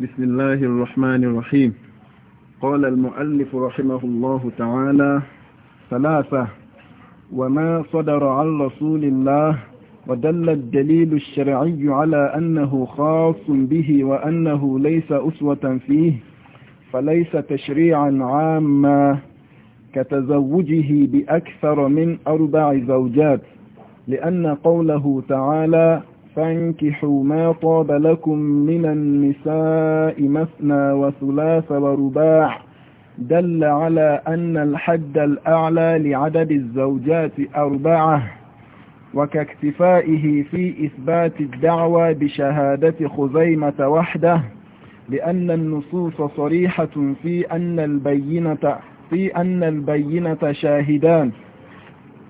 بسم الله الرحمن الرحيم قال المؤلف رحمه الله تعالى ثلاثة وما صدر عن رسول الله ودل الدليل الشرعي على أنه خاص به وأنه ليس أسوة فيه فليس تشريعا عاما كتزوجه بأكثر من أربع زوجات لأن قوله تعالى فانكحوا ما طاب لكم من النساء مثنى وثلاث ورباع دل على أن الحد الأعلى لعدد الزوجات أربعة وكاكتفائه في إثبات الدعوى بشهادة خزيمة وحده لأن النصوص صريحة في أن البينة في أن البينة شاهدان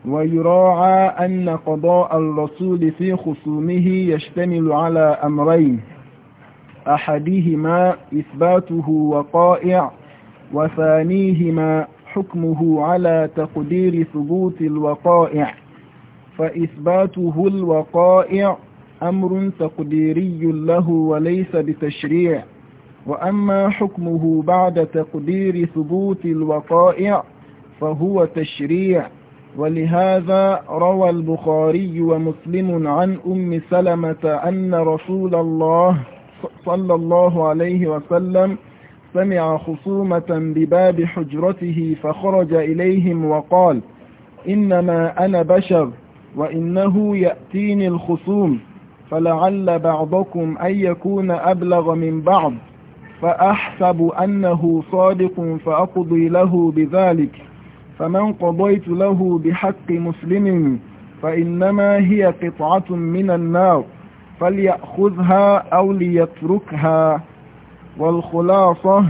ويراعى أن قضاء الرسول في خصومه يشتمل على أمرين أحدهما إثباته وقائع وثانيهما حكمه على تقدير ثبوت الوقائع فإثباته الوقائع أمر تقديري له وليس بتشريع وأما حكمه بعد تقدير ثبوت الوقائع فهو تشريع ولهذا روى البخاري ومسلم عن أم سلمة أن رسول الله صلى الله عليه وسلم سمع خصومة بباب حجرته فخرج إليهم وقال إنما أنا بشر وإنه يأتيني الخصوم فلعل بعضكم أن يكون أبلغ من بعض فأحسب أنه صادق فأقضي له بذلك فمن قضيت له بحق مسلم فإنما هي قطعة من النار فليأخذها أو ليتركها والخلاصة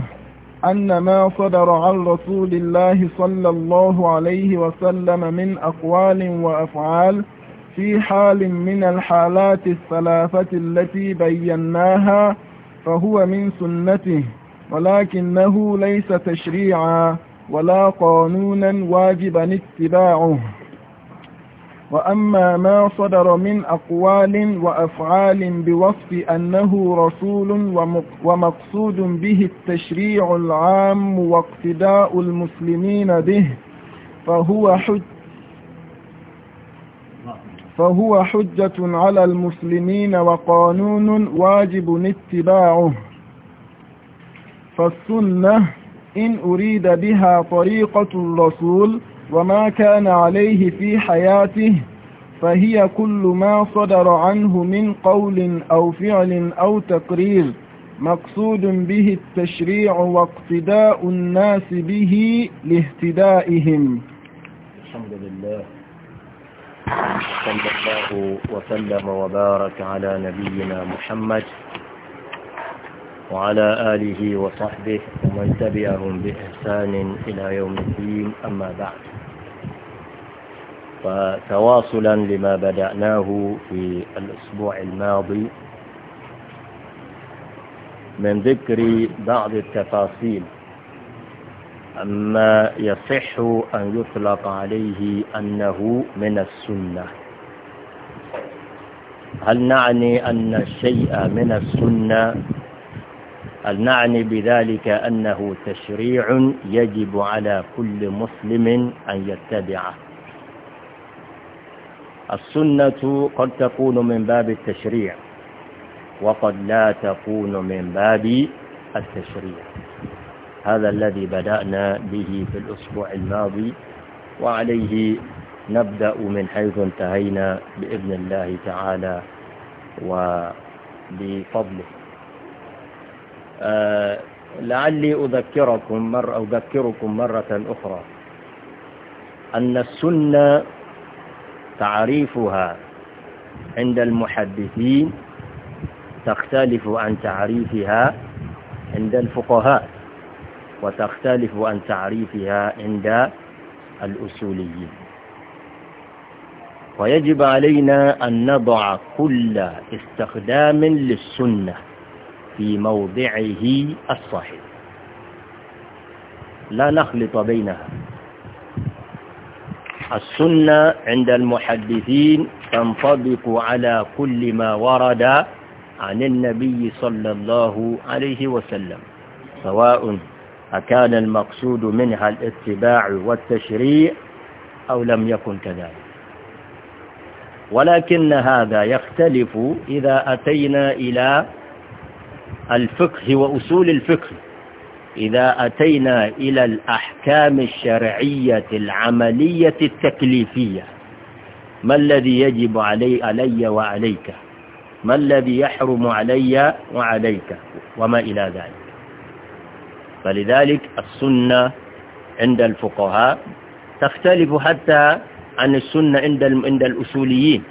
أن ما صدر عن رسول الله صلى الله عليه وسلم من أقوال وأفعال في حال من الحالات الثلاثة التي بيناها فهو من سنته ولكنه ليس تشريعا ولا قانونا واجبا اتباعه وأما ما صدر من أقوال وأفعال بوصف أنه رسول ومقصود به التشريع العام واقتداء المسلمين به فهو حج فهو حجة على المسلمين وقانون واجب اتباعه فالسنة إن أريد بها طريقة الرسول وما كان عليه في حياته فهي كل ما صدر عنه من قول أو فعل أو تقرير مقصود به التشريع واقتداء الناس به لاهتدائهم الحمد لله صلى الله وسلم وبارك على نبينا محمد وعلى آله وصحبه ومن تبعهم بإحسان إلى يوم الدين أما بعد فتواصلا لما بدأناه في الأسبوع الماضي من ذكر بعض التفاصيل أما يصح أن يطلق عليه أنه من السنة هل نعني أن الشيء من السنة نعني بذلك أنه تشريع يجب على كل مسلم أن يتبعه السنة قد تكون من باب التشريع وقد لا تكون من باب التشريع هذا الذي بدأنا به في الأسبوع الماضي وعليه نبدأ من حيث انتهينا بإذن الله تعالى وبفضله آه، لعلي أذكركم مرة أذكركم مرة أخرى أن السنة تعريفها عند المحدثين تختلف عن تعريفها عند الفقهاء وتختلف عن تعريفها عند الأصوليين ويجب علينا أن نضع كل استخدام للسنة في موضعه الصحيح لا نخلط بينها السنة عند المحدثين تنطبق على كل ما ورد عن النبي صلى الله عليه وسلم سواء أكان المقصود منها الاتباع والتشريع أو لم يكن كذلك ولكن هذا يختلف إذا أتينا إلى الفقه وأصول الفقه إذا أتينا إلى الأحكام الشرعية العملية التكليفية ما الذي يجب علي, علي وعليك ما الذي يحرم علي وعليك وما إلى ذلك فلذلك السنة عند الفقهاء تختلف حتى عن السنة عند عند الأصوليين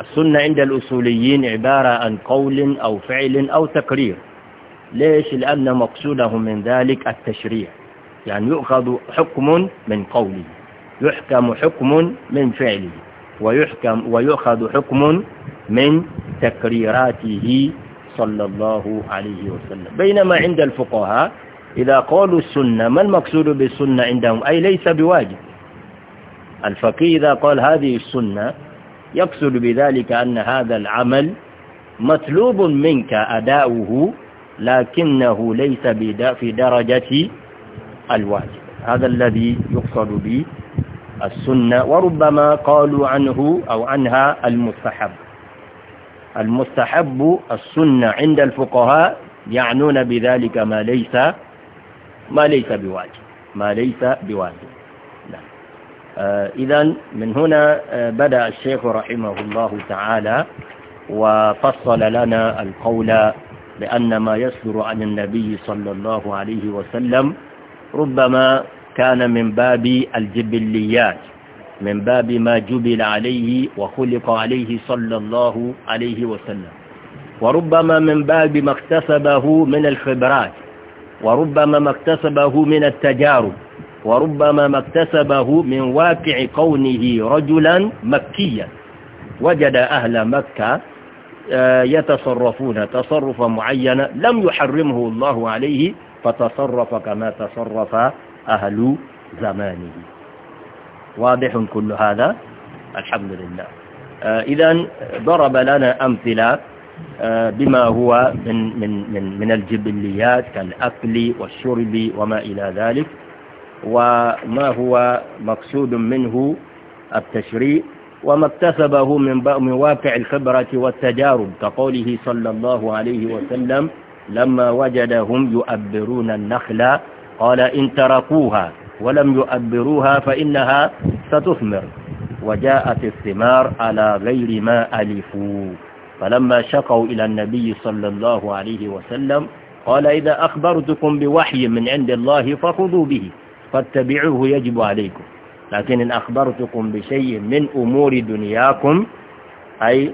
السنة عند الأصوليين عبارة عن قول أو فعل أو تقرير ليش لأن مقصودهم من ذلك التشريع يعني يؤخذ حكم من قوله يحكم حكم من فعله ويحكم ويؤخذ حكم من تقريراته صلى الله عليه وسلم بينما عند الفقهاء إذا قالوا السنة ما المقصود بالسنة عندهم أي ليس بواجب الفقيه إذا قال هذه السنة يقصد بذلك أن هذا العمل مطلوب منك أداؤه لكنه ليس في درجة الواجب هذا الذي يقصد به السنة وربما قالوا عنه أو عنها المستحب المستحب السنة عند الفقهاء يعنون بذلك ما ليس ما ليس بواجب ما ليس بواجب آه، إذا من هنا آه، بدأ الشيخ رحمه الله تعالى وفصل لنا القول بأن ما يصدر عن النبي صلى الله عليه وسلم ربما كان من باب الجبليات من باب ما جبل عليه وخلق عليه صلى الله عليه وسلم وربما من باب ما اكتسبه من الخبرات وربما ما اكتسبه من التجارب وربما ما اكتسبه من واقع كونه رجلا مكيا وجد أهل مكة آه، يتصرفون تصرفا معينا لم يحرمه الله عليه فتصرف كما تصرف أهل زمانه واضح كل هذا الحمد لله آه، إذا ضرب لنا أمثلة آه، بما هو من, من, من, من الجبليات كالأكل والشرب وما إلى ذلك وما هو مقصود منه التشريع وما اكتسبه من واقع الخبرة والتجارب كقوله صلى الله عليه وسلم لما وجدهم يؤبرون النخلة قال إن تركوها ولم يؤبروها فإنها ستثمر وجاءت الثمار على غير ما ألفوا فلما شقوا إلى النبي صلى الله عليه وسلم قال إذا أخبرتكم بوحي من عند الله فخذوا به فاتبعوه يجب عليكم لكن إن أخبرتكم بشيء من أمور دنياكم أي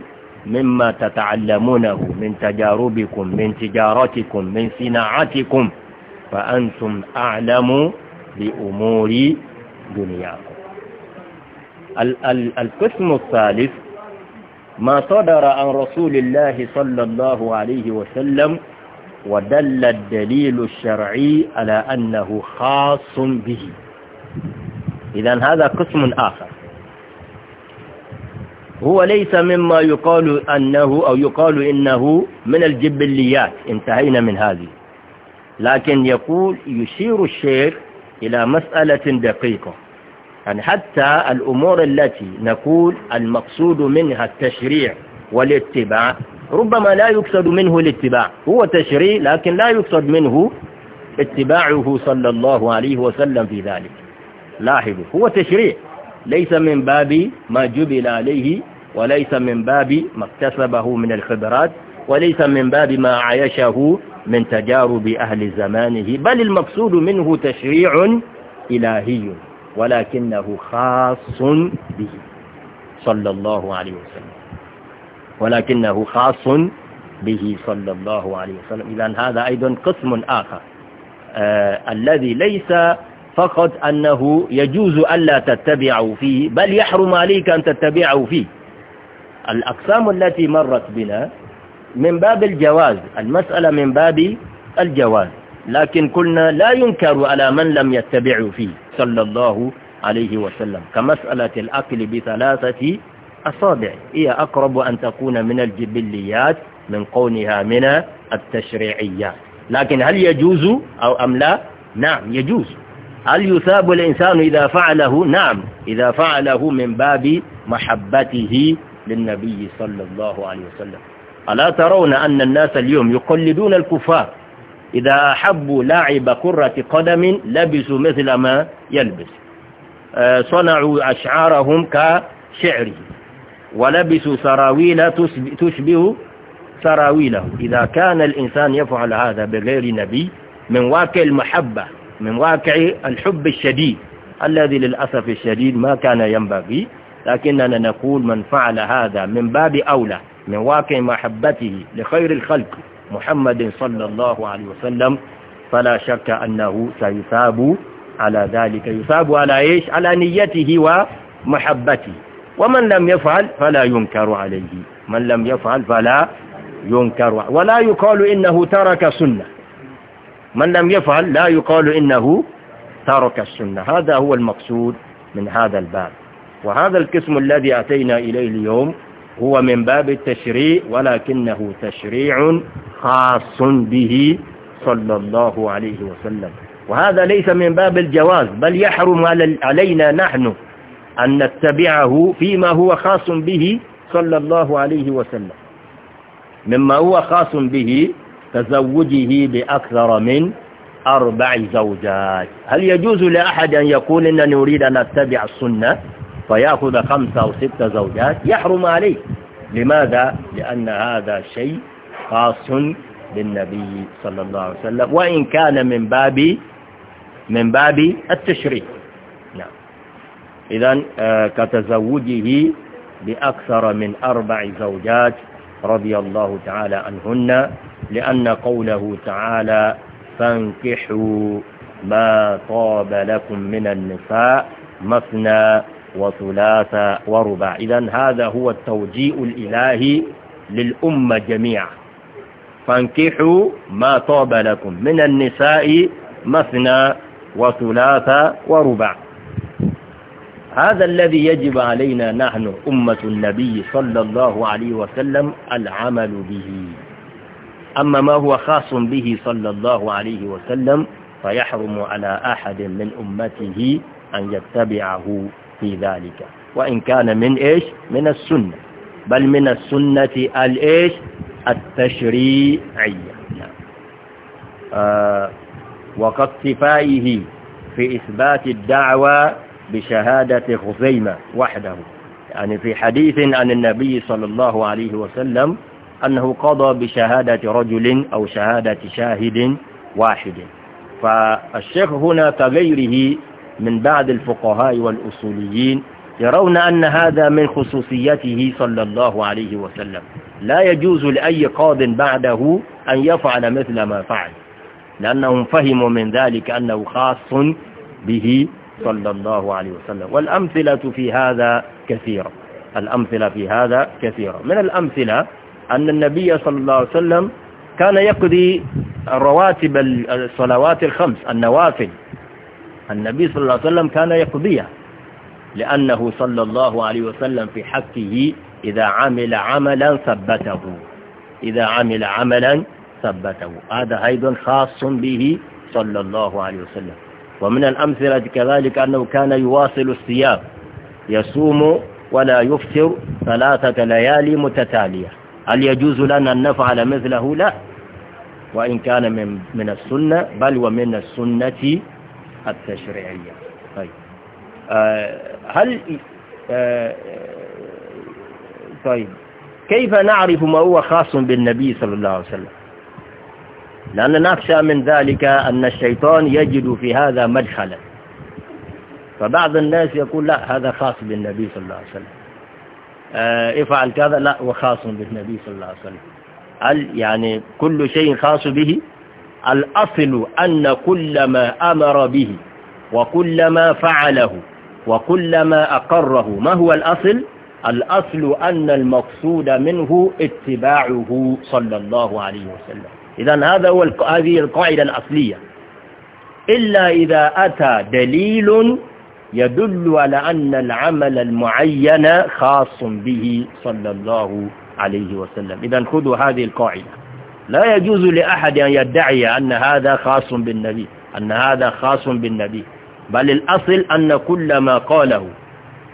مما تتعلمونه من تجاربكم من تجارتكم من صناعتكم فأنتم أعلم بأمور دنياكم القسم الثالث ما صدر عن رسول الله صلى الله عليه وسلم ودل الدليل الشرعي على أنه خاص به إذا هذا قسم آخر هو ليس مما يقال أنه أو يقال إنه من الجبليات انتهينا من هذه لكن يقول يشير الشيخ إلى مسألة دقيقة يعني حتى الأمور التي نقول المقصود منها التشريع والاتباع ربما لا يقصد منه الاتباع هو تشريع لكن لا يقصد منه اتباعه صلى الله عليه وسلم في ذلك لاحظوا هو تشريع ليس من باب ما جبل عليه وليس من باب ما اكتسبه من الخبرات وليس من باب ما عايشه من تجارب أهل زمانه بل المقصود منه تشريع إلهي ولكنه خاص به صلى الله عليه وسلم ولكنه خاص به صلى الله عليه وسلم إذا هذا أيضا قسم آخر آه الذي ليس فقط أنه يجوز ألا تتبعه فيه بل يحرم عليك أن تتبعه فيه الأقسام التي مرت بنا من باب الجواز المسألة من باب الجواز لكن قلنا لا ينكر على من لم يتبعه فيه صلى الله عليه وسلم كمسألة الأكل بثلاثة الأصابع هي أقرب أن تكون من الجبليات من كونها من التشريعيات لكن هل يجوز أو أم لا نعم يجوز هل يثاب الإنسان إذا فعله نعم إذا فعله من باب محبته للنبي صلى الله عليه وسلم ألا ترون أن الناس اليوم يقلدون الكفار إذا أحبوا لاعب كرة قدم لبسوا مثل ما يلبس آه، صنعوا أشعارهم كشعره ولبسوا سراويل تشبه سراويله إذا كان الإنسان يفعل هذا بغير نبي من واقع المحبة من واقع الحب الشديد الذي للأسف الشديد ما كان ينبغي لكننا نقول من فعل هذا من باب أولى من واقع محبته لخير الخلق محمد صلى الله عليه وسلم فلا شك أنه سيثاب على ذلك يثاب على إيش على نيته ومحبته ومن لم يفعل فلا ينكر عليه من لم يفعل فلا ينكر ولا يقال إنه ترك سنة من لم يفعل لا يقال إنه ترك السنة هذا هو المقصود من هذا الباب وهذا القسم الذي أتينا إليه اليوم هو من باب التشريع ولكنه تشريع خاص به صلى الله عليه وسلم وهذا ليس من باب الجواز بل يحرم علينا نحن أن نتبعه فيما هو خاص به صلى الله عليه وسلم مما هو خاص به تزوجه بأكثر من أربع زوجات هل يجوز لأحد أن يقول إنني أريد أن أتبع السنة فيأخذ خمسة أو ستة زوجات يحرم عليه لماذا؟ لأن هذا شيء خاص بالنبي صلى الله عليه وسلم وإن كان من باب من باب التشريع إذا آه، كتزوجه بأكثر من أربع زوجات رضي الله تعالى عنهن لأن قوله تعالى فانكحوا ما طاب لكم من النساء مثنى وثلاثة ورباع إذا هذا هو التوجيء الإلهي للأمة جميعا فانكحوا ما طاب لكم من النساء مثنى وثلاثة ورباع هذا الذي يجب علينا نحن أمة النبي صلى الله عليه وسلم العمل به أما ما هو خاص به صلى الله عليه وسلم فيحرم على أحد من أمته أن يتبعه في ذلك وإن كان من إيش من السنة بل من السنة الإيش التشريعية وقد نعم. آه، وكاكتفائه في إثبات الدعوة بشهادة خزيمة وحده يعني في حديث عن النبي صلى الله عليه وسلم أنه قضى بشهادة رجل أو شهادة شاهد واحد فالشيخ هنا كغيره من بعض الفقهاء والأصوليين يرون أن هذا من خصوصيته صلى الله عليه وسلم لا يجوز لأي قاض بعده أن يفعل مثل ما فعل لأنهم فهموا من ذلك أنه خاص به صلى الله عليه وسلم والأمثلة في هذا كثيرة الأمثلة في هذا كثيرة من الأمثلة أن النبي صلى الله عليه وسلم كان يقضي الرواتب الصلوات الخمس النوافل النبي صلى الله عليه وسلم كان يقضيها لأنه صلى الله عليه وسلم في حقه إذا عمل عملا ثبته إذا عمل عملا ثبته هذا أيضا خاص به صلى الله عليه وسلم ومن الأمثلة كذلك أنه كان يواصل الصيام يصوم ولا يفطر ثلاثة ليالي متتالية هل يجوز لنا أن نفعل مثله لا وإن كان من, من السنة بل ومن السنة التشريعية طيب آه هل آه طيب كيف نعرف ما هو خاص بالنبي صلى الله عليه وسلم لأن نخشى من ذلك أن الشيطان يجد في هذا مدخلا فبعض الناس يقول لا هذا خاص بالنبي صلى الله عليه وسلم آه، افعل كذا لا وخاص بالنبي صلى الله عليه وسلم هل يعني كل شيء خاص به الأصل أن كل ما أمر به وكل ما فعله وكل ما أقره ما هو الأصل؟ الأصل أن المقصود منه اتباعه صلى الله عليه وسلم إذا هذا هو هذه القاعدة الأصلية إلا إذا أتى دليل يدل على أن العمل المعين خاص به صلى الله عليه وسلم إذا خذوا هذه القاعدة لا يجوز لأحد أن يدعي أن هذا خاص بالنبي أن هذا خاص بالنبي بل الأصل أن كل ما قاله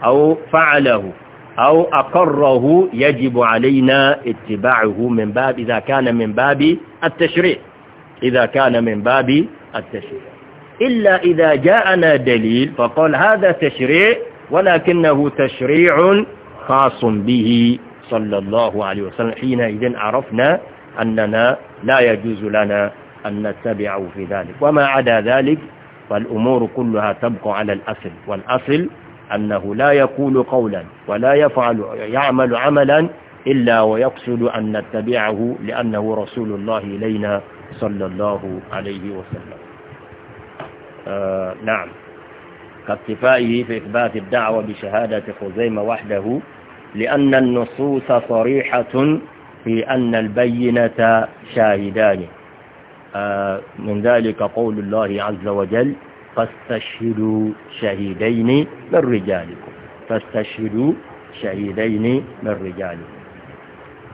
أو فعله أو أقره يجب علينا اتباعه من باب إذا كان من باب التشريع إذا كان من باب التشريع إلا إذا جاءنا دليل فقال هذا تشريع ولكنه تشريع خاص به صلى الله عليه وسلم حينئذ عرفنا أننا لا يجوز لنا أن نتبعه في ذلك وما عدا ذلك فالأمور كلها تبقى على الأصل والأصل أنه لا يقول قولا ولا يفعل يعمل عملا إلا ويقصد أن نتبعه لأنه رسول الله إلينا صلى الله عليه وسلم آه نعم كاكتفائه في إثبات الدعوة بشهادة خزيمة وحده لأن النصوص صريحة في أن البينة شاهدان آه من ذلك قول الله عز وجل فاستشهدوا شهيدين من رجالكم فاستشهدوا شهيدين من رجالكم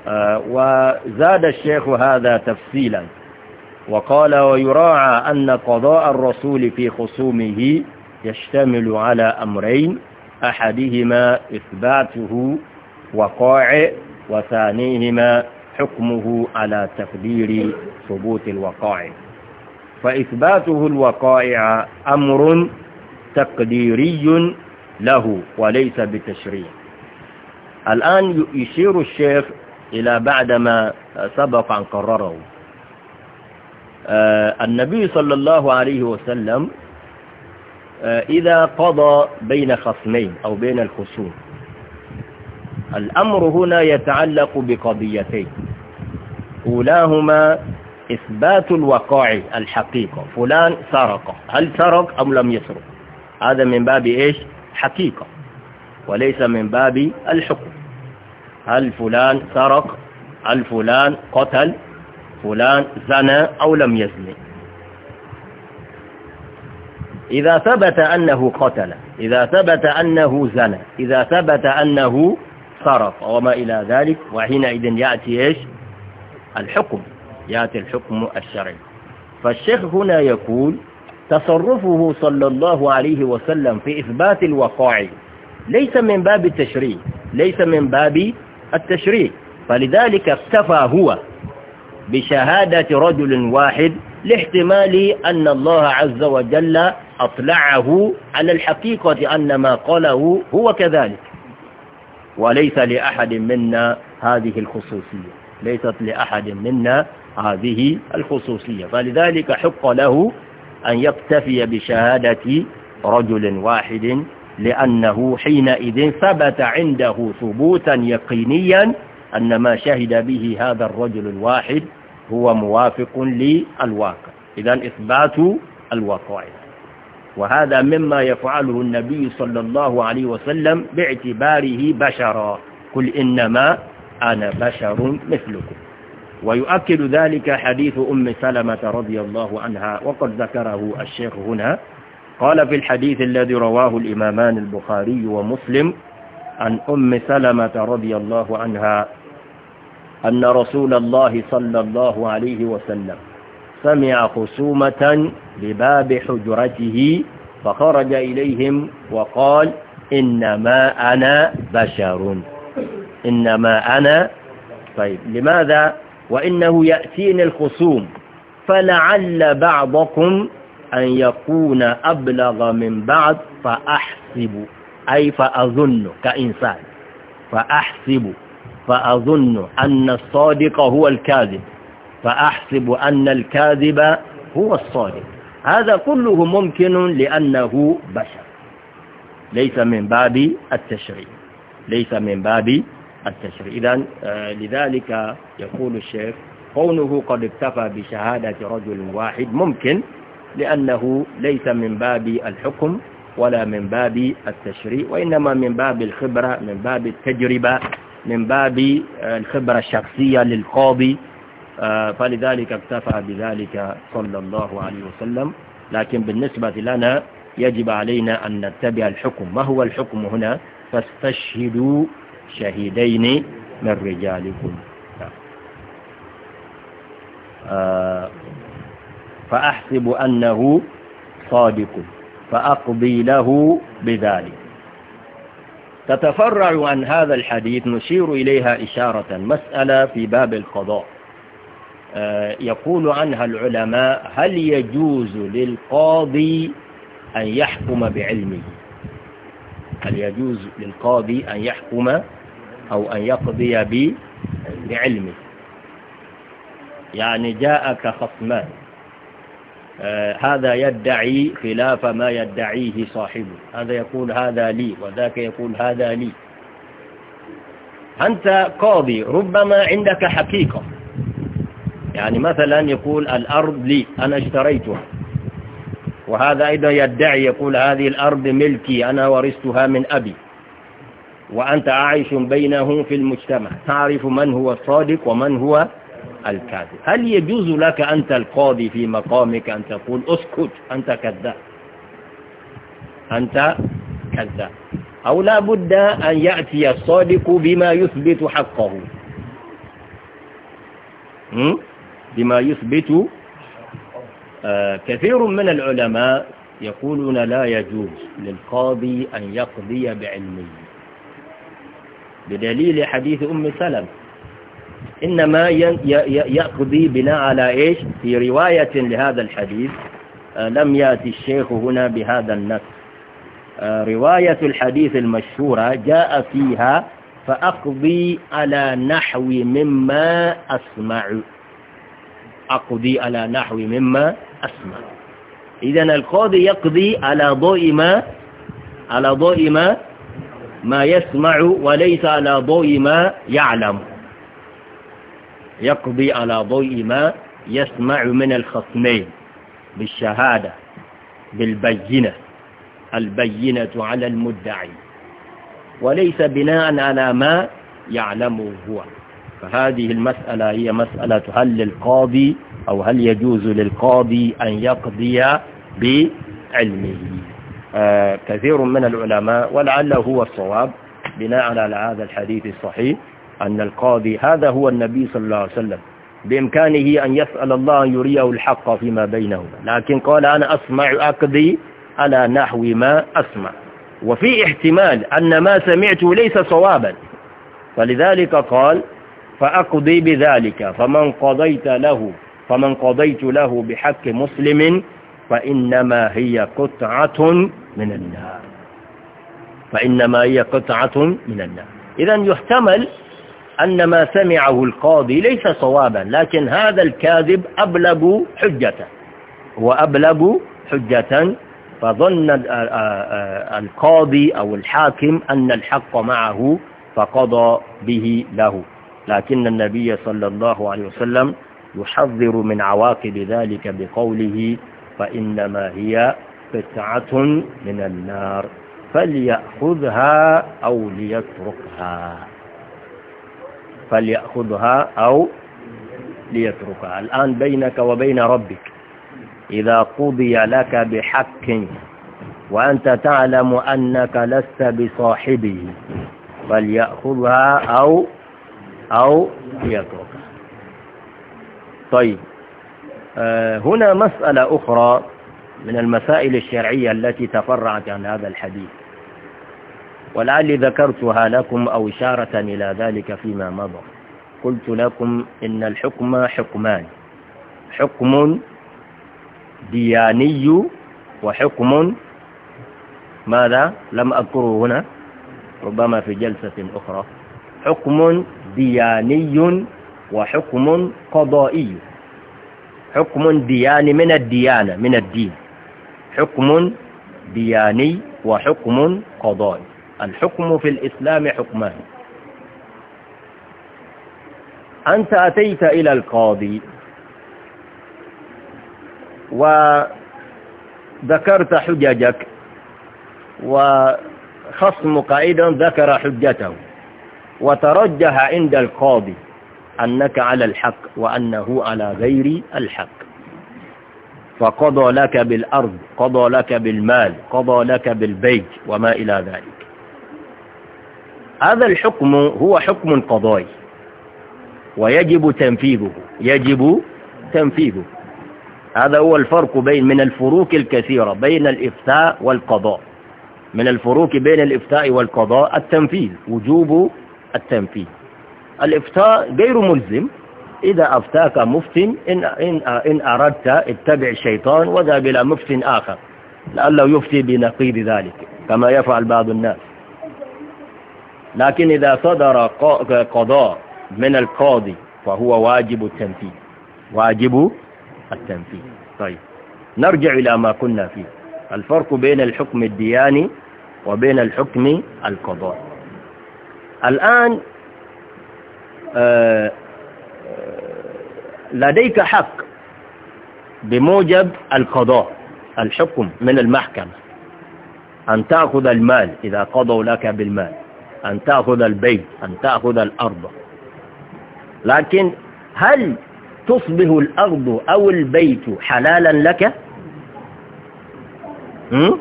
آه وزاد الشيخ هذا تفصيلا وقال ويراعى أن قضاء الرسول في خصومه يشتمل على أمرين أحدهما إثباته وقاع وثانيهما حكمه على تقدير ثبوت الوقائع فإثباته الوقائع أمر تقديري له وليس بتشريع الآن يشير الشيخ إلى بعدما سبق أن قرره آه، النبي صلى الله عليه وسلم آه، إذا قضى بين خصمين أو بين الخصوم الأمر هنا يتعلق بقضيتين أولاهما إثبات الوقاع الحقيقة فلان سرق هل سرق أم لم يسرق هذا من باب إيش حقيقة وليس من باب الحكم هل فلان سرق هل فلان قتل فلان زنى أو لم يزني إذا ثبت أنه قتل إذا ثبت أنه زنى إذا ثبت أنه سرق وما إلى ذلك وحينئذ يأتي إيش الحكم يأتي الحكم الشرعي فالشيخ هنا يقول تصرفه صلى الله عليه وسلم في إثبات الوقاع ليس من باب التشريع ليس من باب التشريع فلذلك اكتفى هو بشهادة رجل واحد لاحتمال أن الله عز وجل أطلعه على الحقيقة أن ما قاله هو كذلك وليس لأحد منا هذه الخصوصية ليست لأحد منا هذه الخصوصية فلذلك حق له أن يكتفي بشهادة رجل واحد لأنه حينئذ ثبت عنده ثبوتا يقينيا أن ما شهد به هذا الرجل الواحد هو موافق للواقع إذا إثبات الواقع وهذا مما يفعله النبي صلى الله عليه وسلم باعتباره بشرا قل إنما أنا بشر مثلكم ويؤكد ذلك حديث أم سلمة رضي الله عنها وقد ذكره الشيخ هنا قال في الحديث الذي رواه الإمامان البخاري ومسلم عن أم سلمة رضي الله عنها أن رسول الله صلى الله عليه وسلم سمع خصومة بباب حجرته فخرج إليهم وقال إنما أنا بشر إنما أنا طيب لماذا وإنه يأتيني الخصوم فلعل بعضكم أن يكون أبلغ من بعض فأحسب أي فأظن كإنسان فأحسب فأظن أن الصادق هو الكاذب فأحسب أن الكاذب هو الصادق هذا كله ممكن لأنه بشر ليس من باب التشريع ليس من باب التشريع إذا آه، لذلك يقول الشيخ كونه قد اكتفى بشهادة رجل واحد ممكن لأنه ليس من باب الحكم ولا من باب التشريع وإنما من باب الخبرة من باب التجربة من باب آه، الخبرة الشخصية للقاضي آه، فلذلك اكتفى بذلك صلى الله عليه وسلم لكن بالنسبة لنا يجب علينا أن نتبع الحكم ما هو الحكم هنا فاستشهدوا شهيدين من رجالكم آه، فأحسب أنه صادق فأقضي له بذلك تتفرع عن هذا الحديث نشير إليها إشارة مسألة في باب القضاء آه، يقول عنها العلماء هل يجوز للقاضي أن يحكم بعلمه هل يجوز للقاضي أن يحكم أو أن يقضي بعلمه يعني جاءك خصمان آه، هذا يدعي خلاف ما يدعيه صاحبه هذا يقول هذا لي وذاك يقول هذا لي أنت قاضي ربما عندك حقيقة يعني مثلا يقول الأرض لي أنا اشتريتها وهذا أيضا يدعي يقول هذه الأرض ملكي أنا ورثتها من أبي وأنت عايش بينهم في المجتمع تعرف من هو الصادق ومن هو الكاذب هل يجوز لك أنت القاضي في مقامك أن تقول أسكت أنت كذاب أنت كذاب أو لا بد أن يأتي الصادق بما يثبت حقه بما يثبت آه، كثير من العلماء يقولون لا يجوز للقاضي أن يقضي بعلمه بدليل حديث أم سلم إنما يقضي بناء على إيش في رواية لهذا الحديث آه، لم يأتي الشيخ هنا بهذا النص آه، رواية الحديث المشهورة جاء فيها فأقضي على نحو مما أسمع أقضي على نحو مما أسمع إذن القاضي يقضي على ضوء ما على ضوء ما ما يسمع وليس على ضوء ما يعلم يقضي على ضوء ما يسمع من الخصمين بالشهادة بالبينة البينة على المدعي وليس بناء على ما يعلمه هو فهذه المسألة هي مسألة هل للقاضي أو هل يجوز للقاضي أن يقضي بعلمه آه، كثير من العلماء ولعله هو الصواب بناء على هذا الحديث الصحيح أن القاضي هذا هو النبي صلى الله عليه وسلم بإمكانه أن يسأل الله أن يريه الحق فيما بينهما لكن قال أنا أسمع أقضي على نحو ما أسمع وفي احتمال أن ما سمعته ليس صوابا فلذلك قال فأقضي بذلك فمن قضيت له فمن قضيت له بحق مسلم فإنما هي قطعة من النار فإنما هي قطعة من النار إذا يحتمل أن ما سمعه القاضي ليس صوابا لكن هذا الكاذب أبلغ حجة وأبلغ حجة فظن القاضي أو الحاكم أن الحق معه فقضى به له لكن النبي صلى الله عليه وسلم يحذر من عواقب ذلك بقوله فإنما هي قطعة من النار فليأخذها أو ليتركها فليأخذها أو ليتركها الآن بينك وبين ربك إذا قضي لك بحق وأنت تعلم أنك لست بصاحبه فليأخذها أو أو ليتركها طيب آه، هنا مسألة أخرى من المسائل الشرعية التي تفرعت عن هذا الحديث ولعلي ذكرتها لكم أو إشارة إلى ذلك فيما مضى قلت لكم إن الحكم حكمان حكم دياني وحكم ماذا لم أذكره هنا ربما في جلسة أخرى حكم دياني وحكم قضائي حكم دياني من الديانة من الدين حكم دياني وحكم قضائي الحكم في الإسلام حكمان أنت أتيت إلى القاضي وذكرت حججك وخصمك أيضا ذكر حجته وترجح عند القاضي أنك على الحق وأنه على غير الحق فقضى لك بالأرض قضى لك بالمال قضى لك بالبيت وما إلى ذلك هذا الحكم هو حكم قضائي ويجب تنفيذه يجب تنفيذه هذا هو الفرق بين من الفروق الكثيرة بين الإفتاء والقضاء من الفروق بين الإفتاء والقضاء التنفيذ وجوب التنفيذ الإفتاء غير ملزم إذا أفتاك مفتن إن, إن, إن أردت اتبع الشيطان وذهب إلى مفتن آخر لعله يفتي بنقيض ذلك كما يفعل بعض الناس لكن إذا صدر قضاء من القاضي فهو واجب التنفيذ واجب التنفيذ طيب نرجع إلى ما كنا فيه الفرق بين الحكم الدياني وبين الحكم القضاء الآن آه، آه، لديك حق بموجب القضاء الحكم من المحكمة أن تأخذ المال إذا قضوا لك بالمال أن تأخذ البيت أن تأخذ الأرض لكن هل تصبح الأرض أو البيت حلالا لك هم؟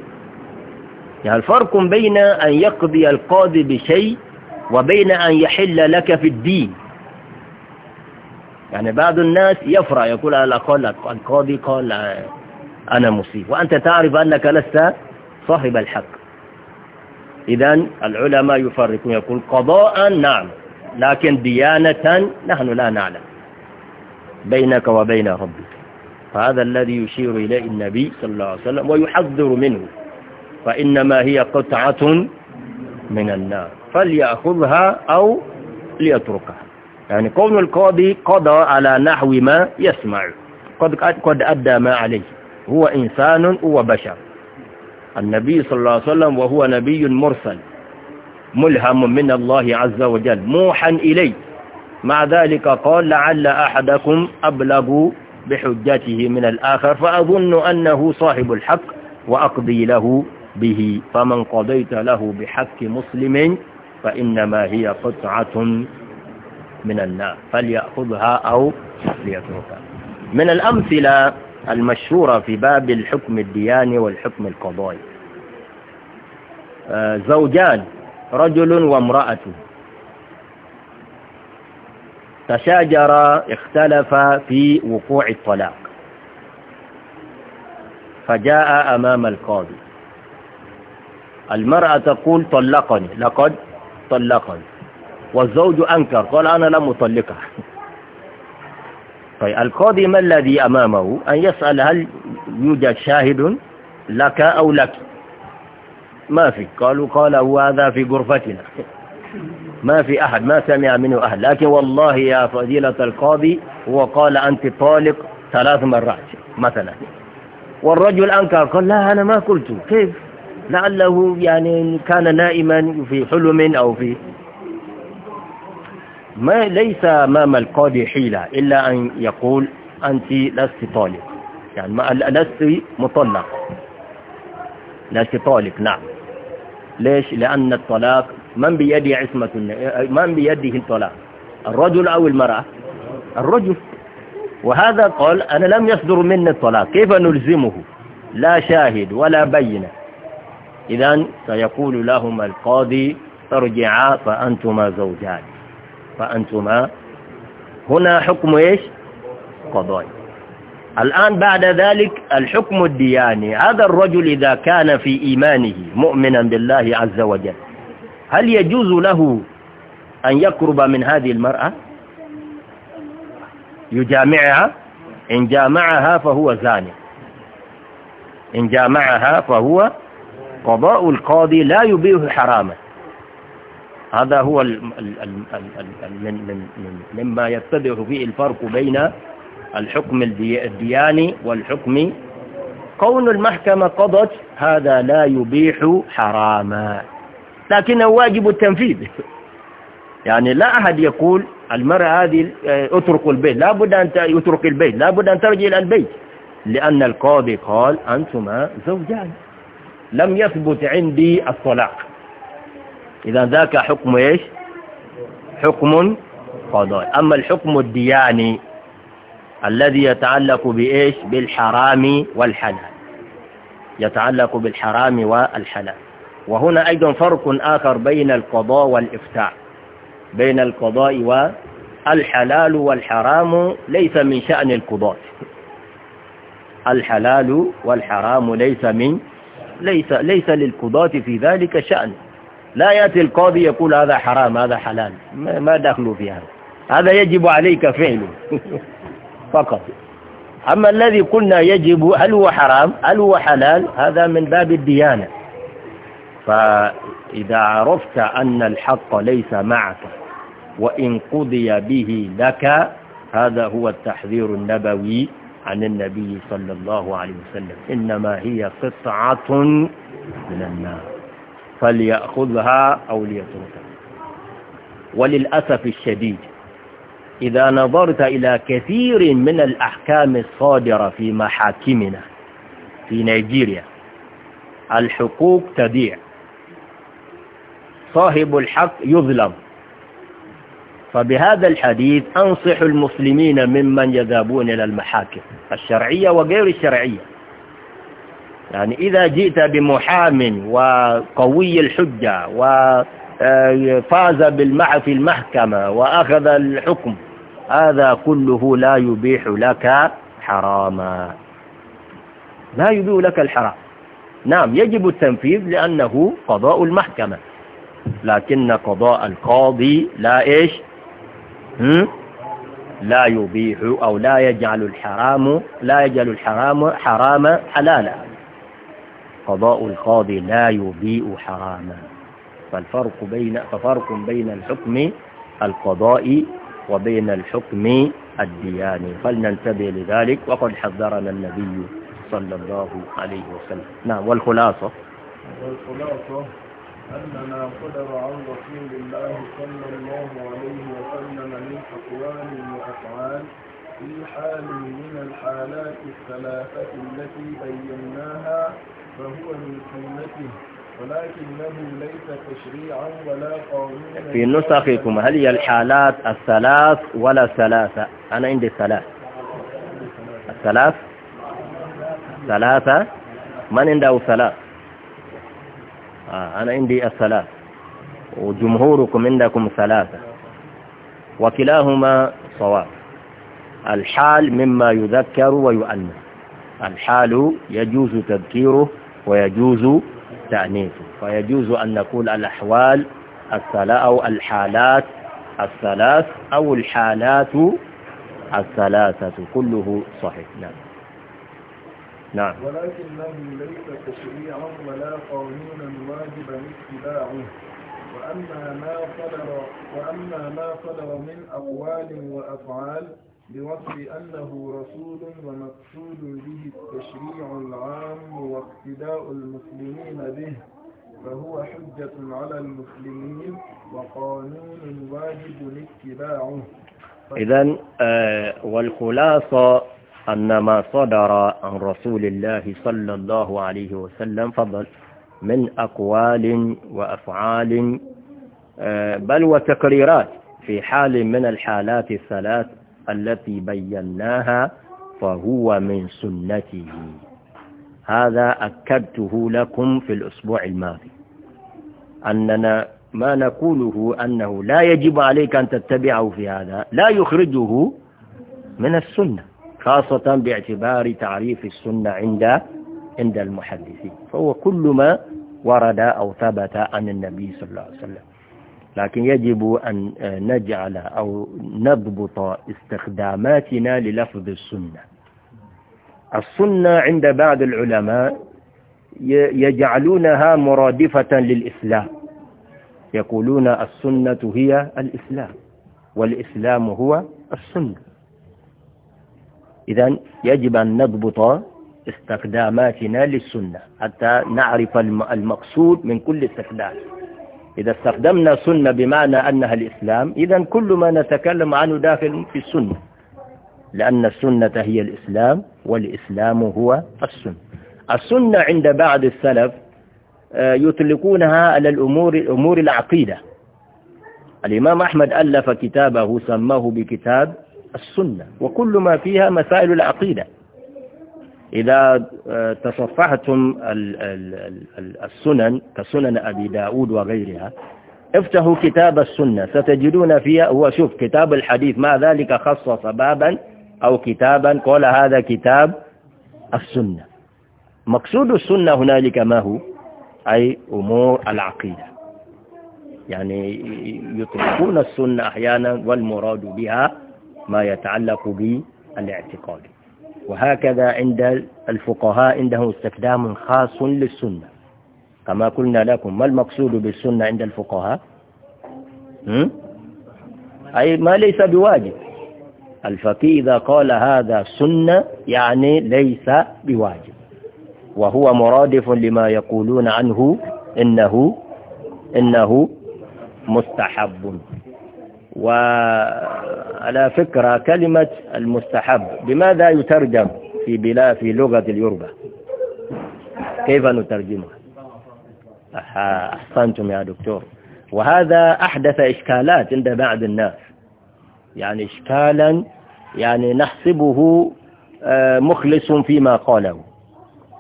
يعني الفرق بين أن يقضي القاضي بشيء وبين أن يحل لك في الدين يعني بعض الناس يفرع يقول قال القاضي قال أنا مصيب وأنت تعرف أنك لست صاحب الحق إذا العلماء يفرقون يقول قضاء نعم لكن ديانة نحن لا نعلم بينك وبين ربك فهذا الذي يشير إليه النبي صلى الله عليه وسلم ويحذر منه فإنما هي قطعة من النار فليأخذها أو ليتركها يعني كون القاضي قضى على نحو ما يسمع قد, قد أدى ما عليه هو إنسان هو بشر النبي صلى الله عليه وسلم وهو نبي مرسل ملهم من الله عز وجل موحى إليه مع ذلك قال لعل أحدكم أبلغ بحجته من الآخر فأظن أنه صاحب الحق وأقضي له به فمن قضيت له بحق مسلم فإنما هي قطعة من النار فليأخذها أو ليتركها من الأمثلة المشهورة في باب الحكم الدياني والحكم القضائي آه، زوجان رجل وامرأة تشاجرا اختلفا في وقوع الطلاق فجاء أمام القاضي المرأة تقول طلقني لقد طلقني والزوج أنكر قال أنا لم أطلقها طيب القاضي ما الذي أمامه أن يسأل هل يوجد شاهد لك أو لك ما في قالوا قال هو هذا في غرفتنا ما في أحد ما سمع منه أحد لكن والله يا فضيلة القاضي هو قال أنت طالق ثلاث مرات مثلا والرجل أنكر قال لا أنا ما قلت كيف لعله يعني كان نائما في حلم أو في ما ليس أمام القاضي حيلة إلا أن يقول أنت لست طالق يعني ما لست مطلق لست طالق نعم ليش لأن الطلاق من بيده عصمة من بيده الطلاق الرجل أو المرأة الرجل وهذا قال أنا لم يصدر مني الطلاق كيف نلزمه لا شاهد ولا بينه إذا سيقول لهما القاضي ارجعا فأنتما زوجان فأنتما هنا حكم إيش قضايا الآن بعد ذلك الحكم الدياني هذا الرجل إذا كان في إيمانه مؤمنا بالله عز وجل هل يجوز له أن يقرب من هذه المرأة يجامعها إن جامعها فهو زاني إن جامعها فهو قضاء القاضي لا يبيه حراما هذا هو الـ الـ الـ الـ الـ من من من مما يتضح فيه الفرق بين الحكم الدياني والحكم كون المحكمة قضت هذا لا يبيح حراما لكنه واجب التنفيذ يعني لا أحد يقول المرأة هذه آه، اترك البيت لا بد أن يترك البيت لا بد أن ترجع إلى البيت لأن القاضي قال أنتما زوجان لم يثبت عندي الطلاق إذا ذاك حكم إيش حكم قضائي أما الحكم الدياني الذي يتعلق بإيش بالحرام والحلال يتعلق بالحرام والحلال وهنا أيضا فرق آخر بين القضاء والإفتاء بين القضاء والحلال والحرام ليس من شأن القضاء الحلال والحرام ليس من ليس, ليس للقضاة في ذلك شأن لا يأتي القاضي يقول هذا حرام هذا حلال ما دخلوا في هذا هذا يجب عليك فعله فقط أما الذي قلنا يجب هل هو حرام هل هو حلال هذا من باب الديانة فإذا عرفت أن الحق ليس معك وإن قضي به لك هذا هو التحذير النبوي عن النبي صلى الله عليه وسلم إنما هي قطعة من النار فليأخذها أو ليتركها وللأسف الشديد إذا نظرت إلى كثير من الأحكام الصادرة في محاكمنا في نيجيريا الحقوق تضيع صاحب الحق يظلم فبهذا الحديث أنصح المسلمين ممن يذهبون إلى المحاكم الشرعية وغير الشرعية يعني إذا جئت بمحام وقوي الحجة وفاز بالمع في المحكمة وأخذ الحكم هذا كله لا يبيح لك حراما لا يبيح لك الحرام نعم يجب التنفيذ لأنه قضاء المحكمة لكن قضاء القاضي لا إيش لا يبيح أو لا يجعل الحرام لا يجعل الحرام حراما حلالا قضاء القاضي لا يبيء حراما فالفرق بين ففرق بين الحكم القضائي وبين الحكم الدياني فلننتبه لذلك وقد حذرنا النبي صلى الله عليه وسلم نعم والخلاصة والخلاصة أن ما قدر عن رسول الله صلى الله عليه وسلم من أقوال وأفعال في حال من الحالات الثلاثة التي بيناها فهو من سنته ولكنه ليس تشريعا ولا قانونا في نسخكم هل هي الحالات الثلاث ولا ثلاثة أنا عندي ثلاث الثلاث ثلاثة من عنده ثلاث آه، أنا عندي الثلاث وجمهوركم عندكم ثلاثة وكلاهما صواب الحال مما يذكر ويؤنث الحال يجوز تذكيره ويجوز تأنيثه فيجوز أن نقول الأحوال الثلاث أو الحالات الثلاث أو الحالات الثلاثة كله صحيح نعم نعم ولكنه ليس تشريعا ولا قانونا واجبا اتباعه وأما ما صدر وأما ما صدر من أقوال وأفعال بوصف أنه رسول ومقصود به التشريع العام واقتداء المسلمين به فهو حجة على المسلمين وقانون واجب اتباعه إذا آه والخلاصة أن ما صدر عن رسول الله صلى الله عليه وسلم فضل من أقوال وأفعال آه، بل وتكريرات في حال من الحالات الثلاث التي بيناها فهو من سنته هذا أكدته لكم في الأسبوع الماضي أننا ما نقوله أنه لا يجب عليك أن تتبعه في هذا لا يخرجه من السنة خاصة باعتبار تعريف السنة عند عند المحدثين فهو كل ما ورد أو ثبت عن النبي صلى الله عليه وسلم لكن يجب أن نجعل أو نضبط استخداماتنا للفظ السنة السنة عند بعض العلماء يجعلونها مرادفة للإسلام يقولون السنة هي الإسلام والإسلام هو السنة إذا يجب أن نضبط استخداماتنا للسنة حتى نعرف المقصود من كل استخدام إذا استخدمنا سنة بمعنى أنها الإسلام إذا كل ما نتكلم عنه داخل في السنة لأن السنة هي الإسلام والإسلام هو السنة السنة عند بعض السلف آه، يطلقونها على الأمور الأمور العقيدة الإمام أحمد ألف كتابه سماه بكتاب السنة وكل ما فيها مسائل العقيدة إذا آه، تصفحتم السنن كسنن أبي داود وغيرها افتحوا كتاب السنة ستجدون فيها هو شوف كتاب الحديث ما ذلك خصص بابا أو كتابا قال هذا كتاب السنة مقصود السنة هنالك ما هو أي أمور العقيدة يعني يطلقون السنة أحيانا والمراد بها ما يتعلق بالاعتقاد وهكذا عند الفقهاء عندهم استخدام خاص للسنة كما قلنا لكم ما المقصود بالسنة عند الفقهاء أي ما ليس بواجب الفقيه إذا قال هذا سنة يعني ليس بواجب وهو مرادف لما يقولون عنه إنه إنه مستحب وعلى فكرة كلمة المستحب بماذا يترجم في بلا في لغة اليوربا كيف نترجمها أحسنتم يا دكتور وهذا أحدث إشكالات عند بعض الناس يعني إشكالا يعني نحسبه آه، مخلص فيما قاله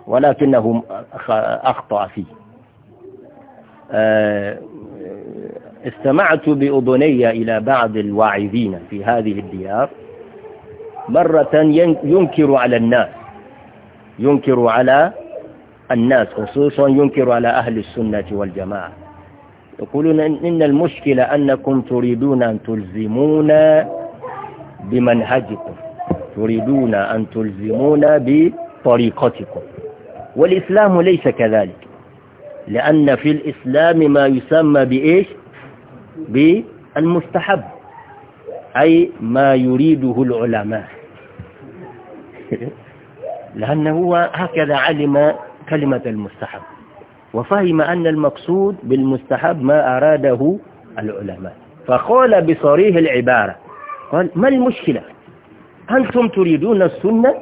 ولكنه أخطأ فيه آه، استمعت بأذني إلى بعض الواعظين في هذه الديار مرة ينكر على الناس ينكر على الناس خصوصا ينكر على أهل السنة والجماعة يقولون إن المشكلة أنكم تريدون أن تلزمونا بمنهجكم تريدون أن تلزمونا بطريقتكم والإسلام ليس كذلك لأن في الإسلام ما يسمى بإيش بالمستحب أي ما يريده العلماء لأنه هو هكذا علم كلمة المستحب وفهم أن المقصود بالمستحب ما أراده العلماء فقال بصريح العبارة قال ما المشكلة أنتم تريدون السنة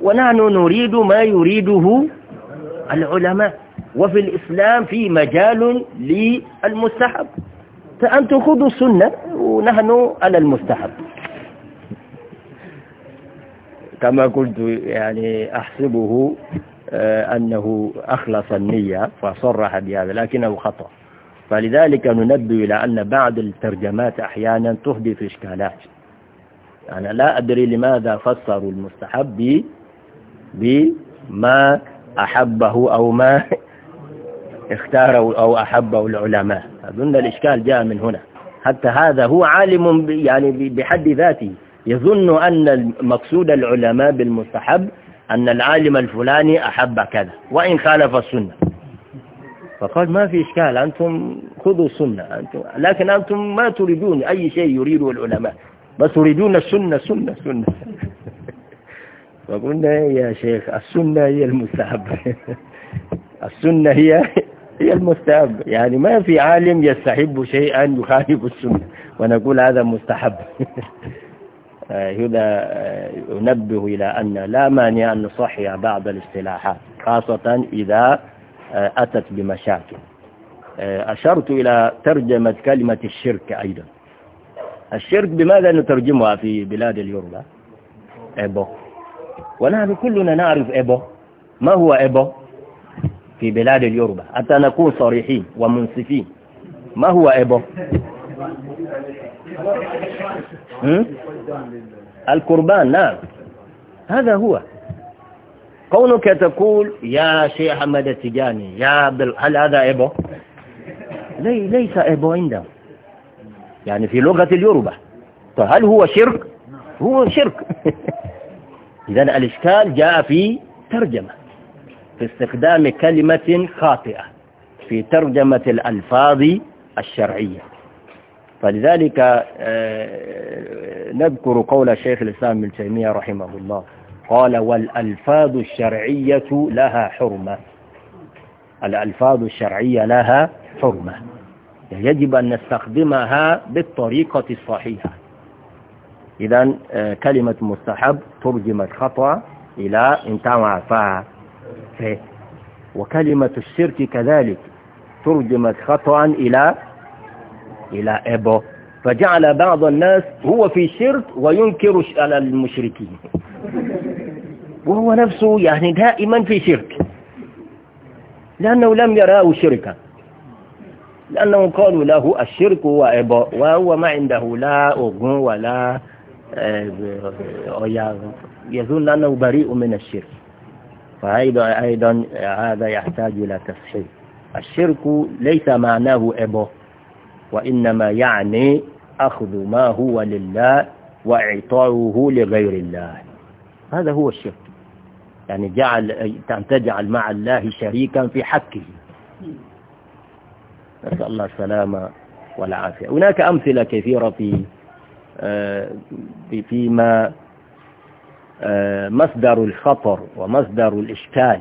ونحن نريد ما يريده العلماء وفي الإسلام في مجال للمستحب فأنتم خذوا السنة ونحن على المستحب كما قلت يعني أحسبه آه، أنه أخلص النية فصرح بهذا لكنه خطأ فلذلك ننبه إلى أن بعض الترجمات أحيانا تحدث إشكالات أنا لا أدري لماذا فسروا المستحب بما أحبه أو ما اختاره أو أحبه العلماء أظن الإشكال جاء من هنا حتى هذا هو عالم يعني بحد ذاته يظن أن مقصود العلماء بالمستحب أن العالم الفلاني أحب كذا وإن خالف السنة فقال ما في إشكال أنتم خذوا السنة أنتم لكن أنتم ما تريدون أي شيء يريده العلماء بس تريدون السنة سنة سنة فقلنا يا شيخ السنة هي المستحب السنة هي هي المستحب يعني ما في عالم يستحب شيئا يخالف السنة ونقول هذا مستحب آه، هنا آه، أنبه إلى أن لا مانع أن نصحي بعض الاصطلاحات خاصة إذا آه، أتت بمشاكل أشرت إلى ترجمة كلمة الشرك أيضا الشرك بماذا نترجمها في بلاد اليوروبا إبو ونحن كلنا نعرف إبو ما هو إبو في بلاد اليوروبا حتى نكون صريحين ومنصفين ما هو ايبو القربان نعم هذا هو كونك تقول يا شيخ أحمد التجاني يا بل... هل هذا ايبو لي ليس ايبو عندهم يعني في لغة اليوروبا فهل طيب، هو شرك هو شرك إذا الإشكال جاء في ترجمة في استخدام كلمة خاطئة في ترجمة الألفاظ الشرعية فلذلك آه، نذكر قول الشيخ الإسلام ابن تيمية رحمه الله قال والألفاظ الشرعية لها حرمة الألفاظ الشرعية لها حرمة يجب أن نستخدمها بالطريقة الصحيحة إذا آه، كلمة مستحب ترجمت خطأ إلى انتهى فيها وكلمة الشرك كذلك ترجمت خطأ إلى إلى أبو فجعل بعض الناس هو في شرك وينكر على المشركين وهو نفسه يعني دائما في شرك لأنه لم يراه شركا لأنهم قالوا له الشرك هو أبو وهو ما عنده لا أغن ولا آه، آه، آه، يظن أنه بريء من الشرك فأيضا أيضا هذا يحتاج إلى تصحيح الشرك ليس معناه إبو وإنما يعني أخذ ما هو لله وإعطاؤه لغير الله هذا هو الشرك يعني جعل أن تجعل مع الله شريكا في حقه نسأل الله السلامة والعافية هناك أمثلة كثيرة في آه، فيما آه، مصدر الخطر ومصدر الإشكال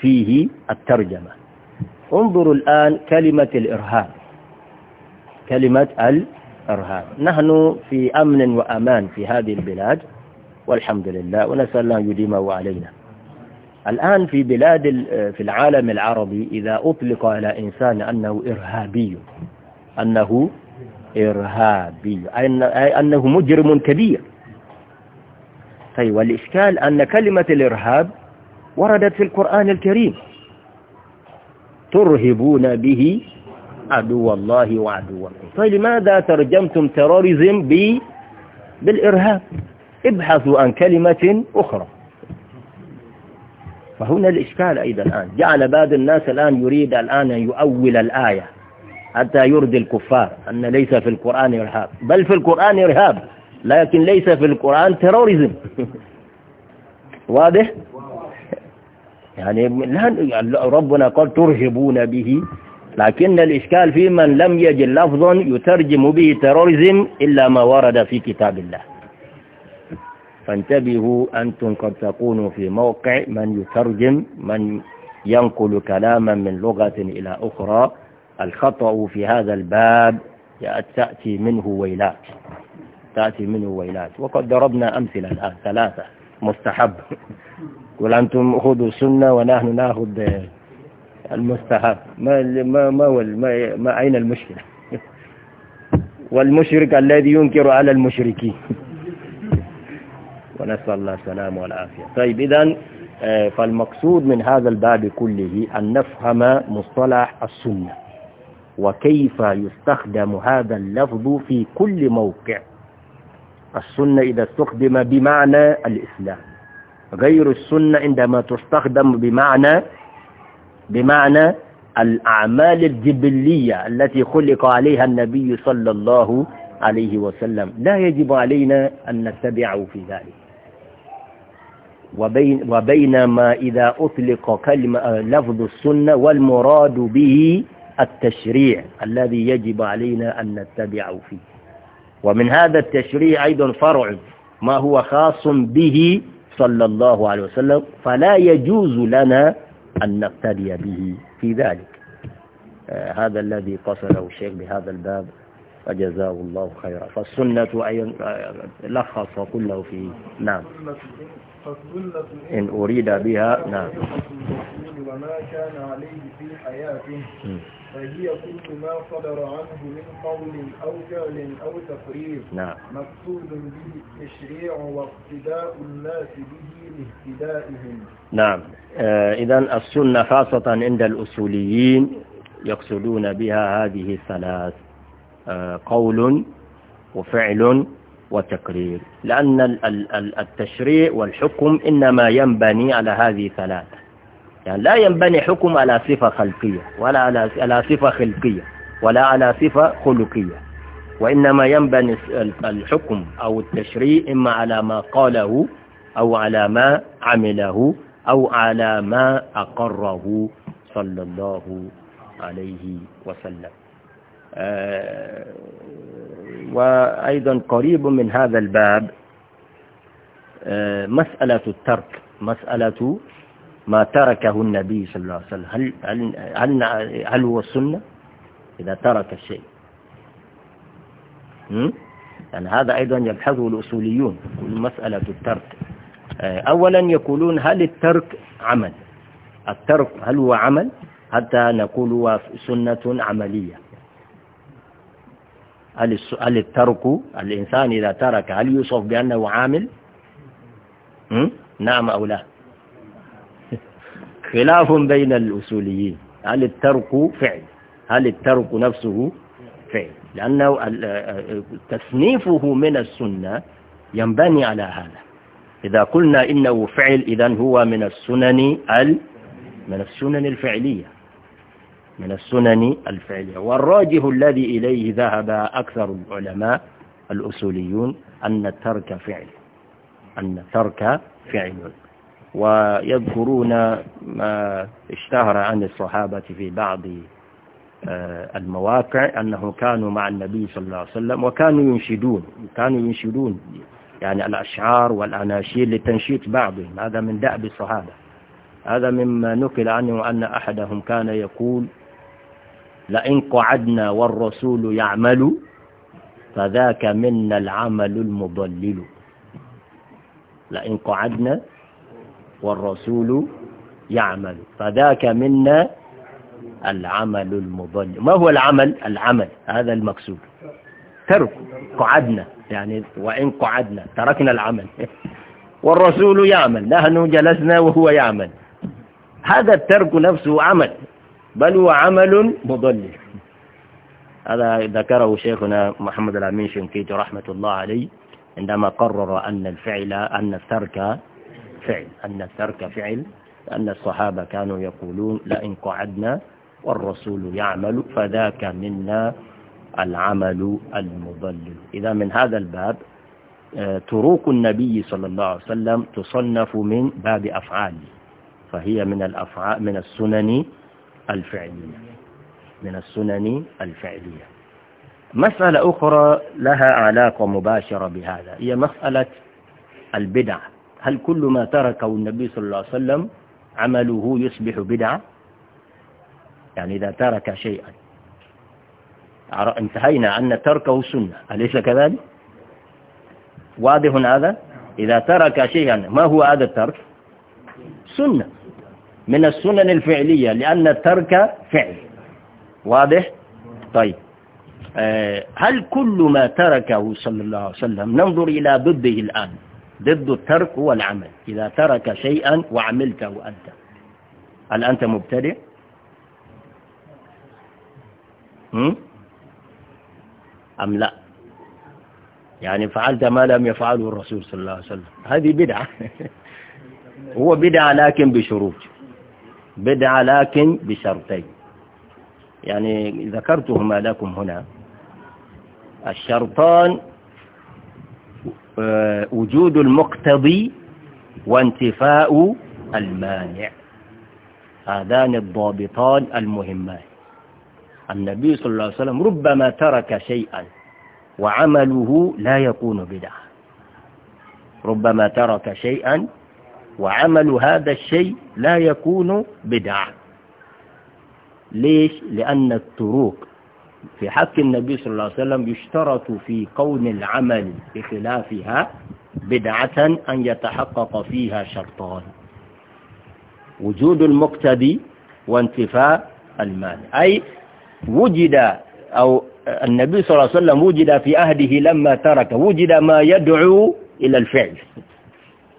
فيه الترجمة انظروا الآن كلمة الإرهاب كلمة الإرهاب نحن في أمن وأمان في هذه البلاد والحمد لله ونسأل الله أن يديمه علينا الآن في بلاد في العالم العربي إذا أطلق على إنسان أنه إرهابي أنه إرهابي أي أنه مجرم كبير طيب والإشكال أن كلمة الإرهاب وردت في القرآن الكريم ترهبون به عدو الله وعدو الله طيب، فلماذا ترجمتم تروريزم ب بالإرهاب ابحثوا عن كلمة أخرى فهنا الإشكال أيضا الآن جعل بعض الناس الآن يريد الآن أن يؤول الآية حتى يرضي الكفار أن ليس في القرآن إرهاب بل في القرآن إرهاب لكن ليس في القرآن تيروريزم واضح يعني ربنا قال ترهبون به لكن الإشكال في من لم يجد لفظا يترجم به تيروريزم إلا ما ورد في كتاب الله فانتبهوا أنتم قد تكونوا في موقع من يترجم من ينقل كلاما من لغة إلى أخرى الخطأ في هذا الباب تأتي منه ويلات تأتي منه ويلات وقد ضربنا أمثلة الآن ثلاثة مستحب قل أنتم خذوا السنة ونحن نأخذ المستحب ما ما ما, ما, ما أين المشكلة والمشرك الذي ينكر على المشركين ونسأل الله السلام والعافية طيب إذا آه، فالمقصود من هذا الباب كله أن نفهم مصطلح السنة وكيف يستخدم هذا اللفظ في كل موقع السنة إذا استخدم بمعنى الإسلام غير السنة عندما تستخدم بمعنى بمعنى الأعمال الجبلية التي خلق عليها النبي صلى الله عليه وسلم لا يجب علينا أن نتبعه في ذلك وبين وبينما إذا أطلق كلمة لفظ السنة والمراد به التشريع الذي يجب علينا أن نتبعه فيه ومن هذا التشريع أيضا فرع ما هو خاص به صلى الله عليه وسلم فلا يجوز لنا أن نقتدي به في ذلك آه، هذا الذي قصره الشيخ بهذا الباب فجزاه الله خيرا فالسنة آه، لخص كله في نعم إن أريد بها نعم وما كان عليه في حياته فهي كل ما صدر عنه من قول أو فعل أو تقرير نعم. مقصود به التشريع واقتداء الناس به لاهتدائهم نعم آه إذا السنة خاصة عند الأصوليين يقصدون بها هذه الثلاث آه قول وفعل وتقرير لأن التشريع والحكم إنما ينبني على هذه الثلاثة يعني لا ينبني حكم على صفة خلقية ولا على صفة خلقية ولا على صفة خلقية وإنما ينبني الحكم أو التشريع إما على ما قاله أو على ما عمله أو على ما أقره صلى الله عليه وسلم آه، وأيضا قريب من هذا الباب آه، مسألة الترك مسألة ما تركه النبي صلى الله عليه وسلم هل, هل, هل, هو السنة إذا ترك الشيء يعني هذا أيضا يبحثه الأصوليون مسألة الترك آه، أولا يقولون هل الترك عمل الترك هل هو عمل حتى نقول هو سنة عملية هل الترك الإنسان إذا ترك هل يوصف بأنه عامل نعم أو لا خلاف بين الأصوليين هل الترك فعل هل الترك نفسه فعل لأنه تصنيفه من السنة ينبني على هذا إذا قلنا إنه فعل إذا هو من السنن ال من السنن الفعلية من السنن الفعلية والراجح الذي إليه ذهب أكثر العلماء الأصوليون أن الترك فعل أن الترك فعل ويذكرون ما اشتهر عن الصحابة في بعض آه، المواقع أنهم كانوا مع النبي صلى الله عليه وسلم وكانوا ينشدون كانوا ينشدون يعني الأشعار والأناشيد لتنشيط بعضهم هذا من دأب الصحابة هذا مما نقل عنه أن أحدهم كان يقول لئن قعدنا والرسول يعمل فذاك منا العمل المضلل لئن قعدنا والرسول يعمل فذاك منا العمل المضل ما هو العمل العمل هذا المقصود ترك قعدنا يعني وإن قعدنا تركنا العمل والرسول يعمل نحن جلسنا وهو يعمل هذا الترك نفسه عمل بل هو عمل مضل هذا ذكره شيخنا محمد الأمين شنكيت رحمة الله عليه عندما قرر أن الفعل أن الترك فعل أن الترك فعل لأن الصحابة كانوا يقولون لئن قعدنا والرسول يعمل فذاك منا العمل المضلل إذا من هذا الباب تروك آه، النبي صلى الله عليه وسلم تصنف من باب أفعاله فهي من الأفعال من السنن الفعلية من السنن الفعلية مسألة أخرى لها علاقة مباشرة بهذا هي مسألة البدع هل كل ما تركه النبي صلى الله عليه وسلم عمله يصبح بدعة يعني إذا ترك شيئا انتهينا أن تركه سنة أليس كذلك واضح هذا إذا ترك شيئا ما هو هذا الترك سنة من السنن الفعلية لأن الترك فعل واضح طيب آه، هل كل ما تركه صلى الله عليه وسلم ننظر إلى ضده الآن ضد الترك هو العمل إذا ترك شيئا وعملته أنت هل أنت مبتدئ أم لا يعني فعلت ما لم يفعله الرسول صلى الله عليه وسلم هذه بدعة هو بدعة لكن بشروط بدعة لكن بشرطين يعني ذكرتهما لكم هنا الشرطان آه، وجود المقتضي وانتفاء المانع هذان الضابطان المهمان النبي صلى الله عليه وسلم ربما ترك شيئا وعمله لا يكون بدعة ربما ترك شيئا وعمل هذا الشيء لا يكون بدعة ليش؟ لأن التروك في حق النبي صلى الله عليه وسلم يشترط في كون العمل بخلافها بدعة أن يتحقق فيها شرطان وجود المقتدي وانتفاء المال أي وجد أو النبي صلى الله عليه وسلم وجد في أهده لما ترك وجد ما يدعو إلى الفعل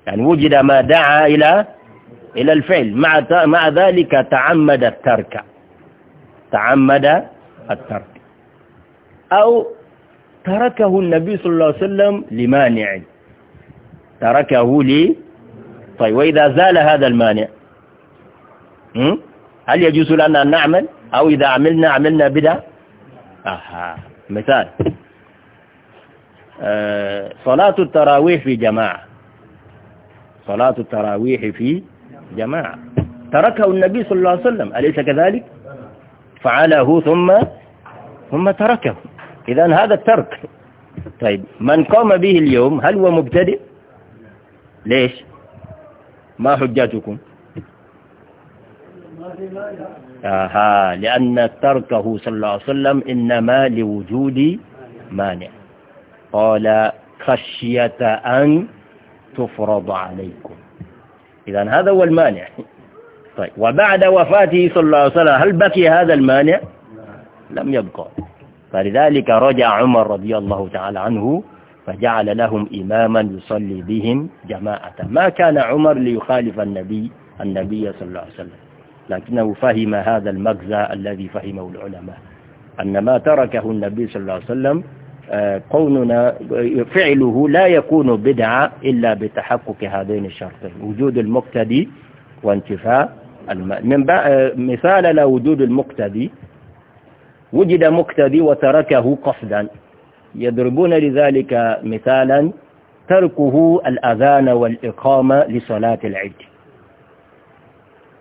يعني وجد ما دعا إلى إلى الفعل مع مع ذلك تعمد الترك تعمد الترك أو تركه النبي صلى الله عليه وسلم لمانع تركه لي طيب وإذا زال هذا المانع هل يجوز لنا أن نعمل أو إذا عملنا عملنا بدا أها مثال آه، صلاة التراويح في جماعة صلاة التراويح في جماعة تركه النبي صلى الله عليه وسلم أليس كذلك فعله ثم ثم تركه إذا هذا الترك طيب من قام به اليوم هل هو مبتدئ ليش ما حجاتكم آها لأن تركه صلى الله عليه وسلم إنما لوجود مانع قال خشية أن تفرض عليكم إذا هذا هو المانع طيب وبعد وفاته صلى الله عليه وسلم هل بقي هذا المانع لم يبقى فلذلك رجع عمر رضي الله تعالى عنه فجعل لهم إماما يصلي بهم جماعة ما كان عمر ليخالف النبي النبي صلى الله عليه وسلم لكنه فهم هذا المغزى الذي فهمه العلماء أن ما تركه النبي صلى الله عليه وسلم كوننا آه، فعله لا يكون بدعة إلا بتحقق هذين الشرطين وجود المقتدي وانتفاء الم... من مثال لوجود المقتدي وجد مقتدي وتركه قصدا يضربون لذلك مثالا تركه الأذان والإقامة لصلاة العيد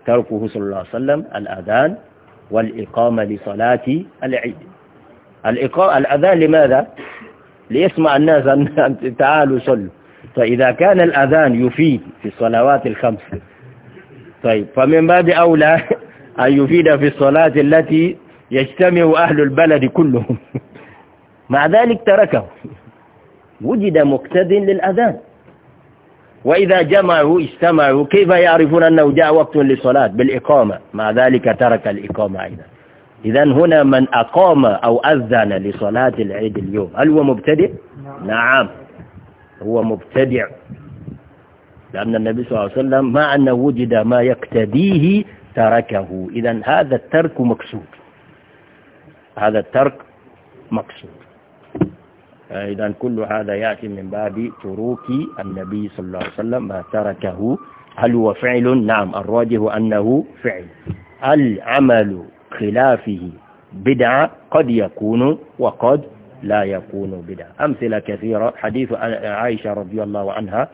تركه صلى الله عليه وسلم الأذان والإقامة لصلاة العيد الإقامة الأذان لماذا؟ ليسمع الناس أن تعالوا صلوا فإذا كان الأذان يفيد في الصلوات الخمس طيب فمن باب أولى أن يفيد في الصلاة التي يجتمع أهل البلد كلهم مع ذلك تركه وجد مقتد للأذان وإذا جمعوا اجتمعوا كيف يعرفون أنه جاء وقت للصلاة بالإقامة مع ذلك ترك الإقامة أيضا إذا هنا من أقام أو أذن لصلاة العيد اليوم هل هو مبتدع؟ نعم, هو مبتدع لأن النبي صلى الله عليه وسلم مع أنه وجد ما يقتديه تركه إذا هذا الترك مكسور هذا الترك مقصود إذا كل هذا يأتي من باب تروك النبي صلى الله عليه وسلم ما تركه هل هو فعل نعم الراجح أنه فعل العمل خلافه بدعة قد يكون وقد لا يكون بدعة أمثلة كثيرة حديث عائشة رضي الله عنها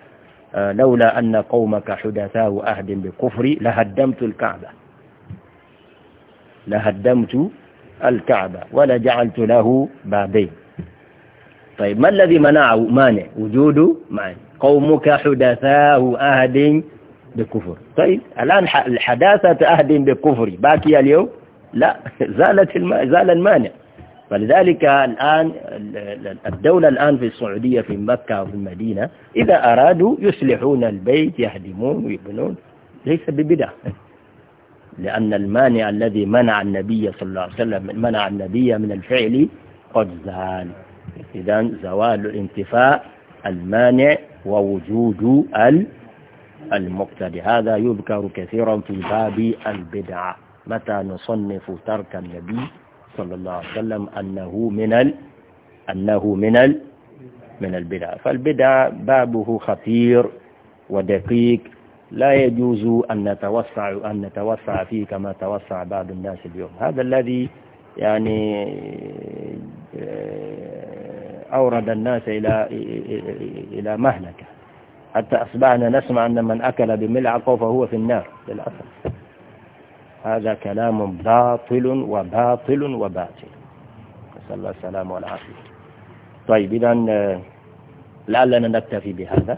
لولا أن قومك حدثاه أهد بكفري لهدمت الكعبة لهدمت الكعبة ولا جعلت له بابين طيب ما الذي منعه مانع وجود مانع قومك حدثاء أهد بكفر طيب الآن الحداثة أهد بكفر باقي اليوم لا زالت الم... زال المانع فلذلك الآن الدولة الآن في السعودية في مكة وفي المدينة إذا أرادوا يصلحون البيت يهدمون ويبنون ليس ببدع لأن المانع الذي منع النبي صلى الله عليه وسلم منع النبي من الفعل قد زال إذا زوال الانتفاء المانع ووجود المقتدي هذا يذكر كثيرا في باب البدعة متى نصنف ترك النبي صلى الله عليه وسلم أنه من ال... أنه من ال... من البدع فالبدع بابه خطير ودقيق لا يجوز أن نتوسع أن نتوسع فيه كما توسع بعض الناس اليوم هذا الذي يعني آه، أورد الناس إلى إلى مهلكة حتى أصبحنا نسمع أن من أكل بملعقة فهو في النار للأسف هذا كلام باطل وباطل وباطل نسأل الله السلامة والعافية طيب إذا آه، لعلنا نكتفي بهذا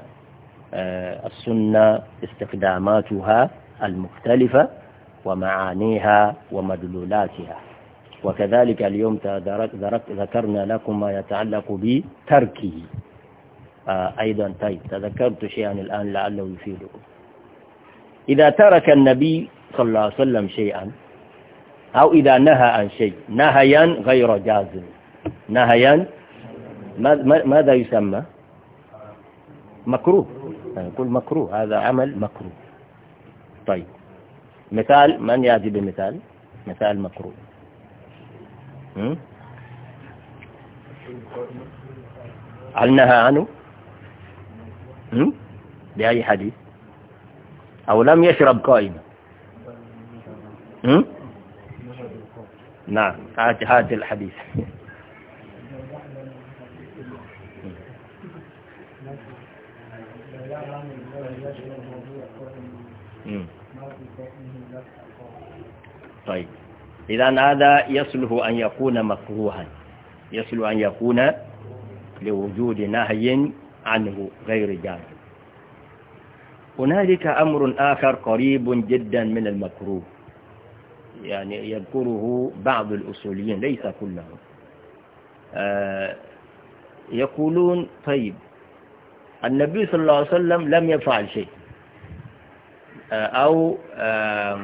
آه، السنة استخداماتها المختلفة ومعانيها ومدلولاتها وكذلك اليوم ذكرنا لكم ما يتعلق بتركه آه، أيضا طيب تذكرت شيئا الآن لعله يفيدكم إذا ترك النبي صلى الله عليه وسلم شيئا أو إذا نهى عن شيء نهيا غير جازم نهيا ماذا يسمى مكروه يقول مكروه هذا عمل مكروه طيب مثال من يأتي بمثال مثال مكروه هل نهى عنه بأي حديث أو لم يشرب قائمة نعم هات الحديث طيب إذا هذا يصلح أن يكون مكروها يصلح أن يكون لوجود نهي عنه غير جائز هنالك أمر آخر قريب جدا من المكروه يعني يذكره بعض الأصوليين ليس كلهم آه يقولون طيب النبي صلى الله عليه وسلم لم يفعل شيء آه، أو آه،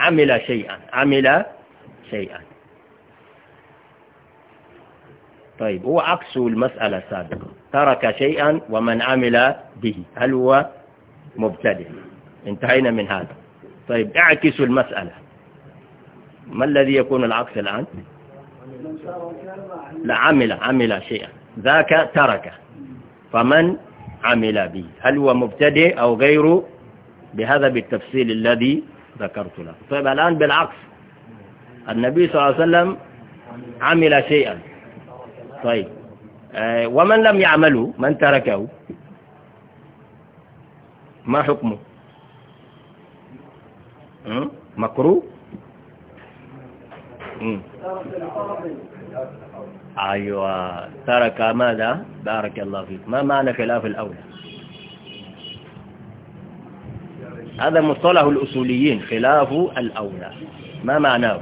عمل شيئا عمل شيئا طيب هو عكس المسألة السابقة ترك شيئا ومن عمل به هل هو مبتدئ انتهينا من هذا طيب اعكس المسألة ما الذي يكون العكس الآن لا عمل عمل شيئا ذاك ترك فمن عمل به هل هو مبتدئ أو غيره بهذا بالتفصيل الذي ذكرت لك طيب الآن بالعكس النبي صلى الله عليه وسلم عمل شيئا طيب آه، ومن لم يعمله من تركه ما حكمه مكروه أيوة ترك ماذا بارك الله فيك ما معنى خلاف الأولى هذا مصطلح الأصوليين خلاف الأولى ما معناه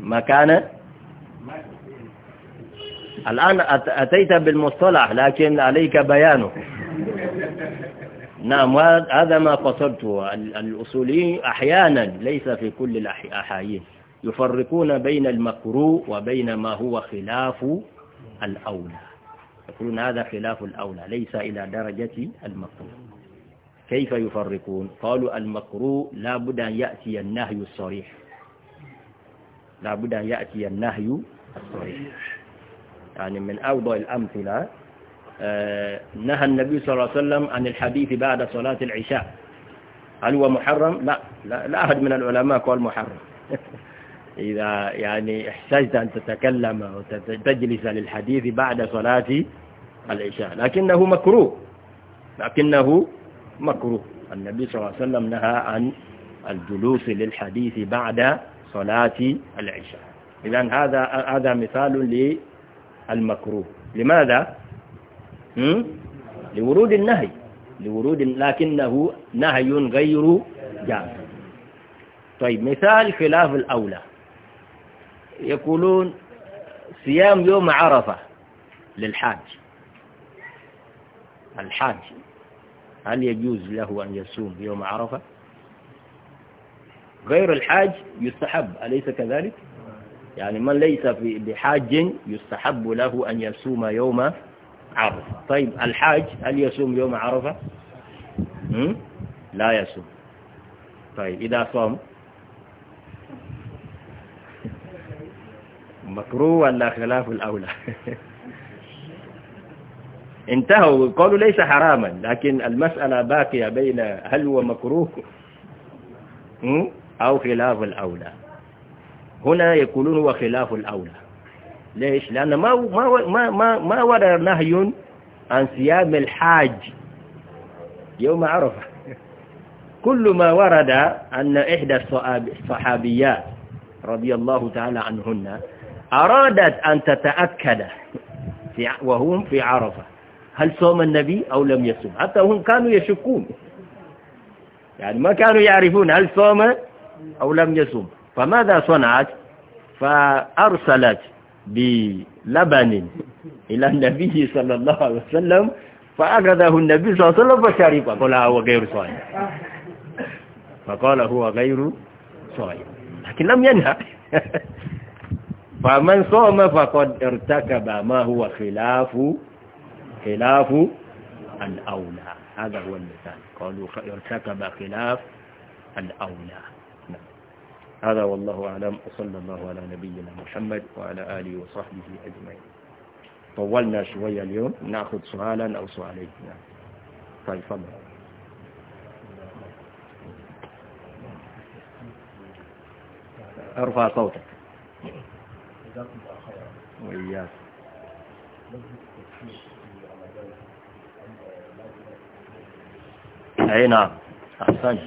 ما كان الآن أتيت بالمصطلح لكن عليك بيانه نعم هذا ما قصدته الأصولي أحيانا ليس في كل الأحايين يفرقون بين المكروه وبين ما هو خلاف الأولى يقولون هذا خلاف الأولى ليس إلى درجة المكروه كيف يفرقون قالوا المكروه لا بد أن يأتي النهي الصريح لا بد أن يأتي النهي الصريح يعني من أوضع الأمثلة آه، نهى النبي صلى الله عليه وسلم عن الحديث بعد صلاة العشاء هل هو محرم؟ لا لا, لا أحد من العلماء قال محرم إذا يعني احتجت أن تتكلم وتجلس للحديث بعد صلاة العشاء لكنه مكروه لكنه مكروه النبي صلى الله عليه وسلم نهى عن الجلوس للحديث بعد صلاة العشاء إذا هذا هذا مثال للمكروه لماذا؟ لورود النهي لورود لكنه نهي غير جامع طيب مثال خلاف الأولى يقولون صيام يوم عرفة للحاج الحاج هل يجوز له أن يصوم يوم عرفة غير الحاج يستحب أليس كذلك يعني من ليس بحاج يستحب له أن يصوم يوم عرفة طيب الحاج هل يصوم يوم عرفة لا يصوم طيب إذا صام مكروه ولا خلاف الأولى انتهوا قالوا ليس حراما لكن المسألة باقية بين هل هو مكروه أو خلاف الأولى هنا يقولون هو خلاف الأولى ليش لأن ما ما ما ما ورد نهي عن صيام الحاج يوم عرفة كل ما ورد أن إحدى الصحابيات رضي الله تعالى عنهن أرادت أن تتأكد في وهم في عرفة هل صوم النبي أو لم يصوم حتى هم كانوا يشكون يعني ما كانوا يعرفون هل صوم أو لم يصوم فماذا صنعت فأرسلت بلبن إلى النبي صلى الله عليه وسلم فأخذه النبي صلى الله عليه وسلم فشرب فقال هو غير صائم فقال هو غير صائم لكن لم ينهى فمن صام فقد ارتكب ما هو خلاف خلاف الأولى هذا هو المثال قالوا ارتكب خلاف الأولى هذا والله أعلم وصلى الله على نبينا محمد وعلى آله وصحبه أجمعين طولنا شوية اليوم نأخذ سؤالا أو سؤالين نعم. طيب فضل ارفع صوتك وإياك أي نعم أحسنت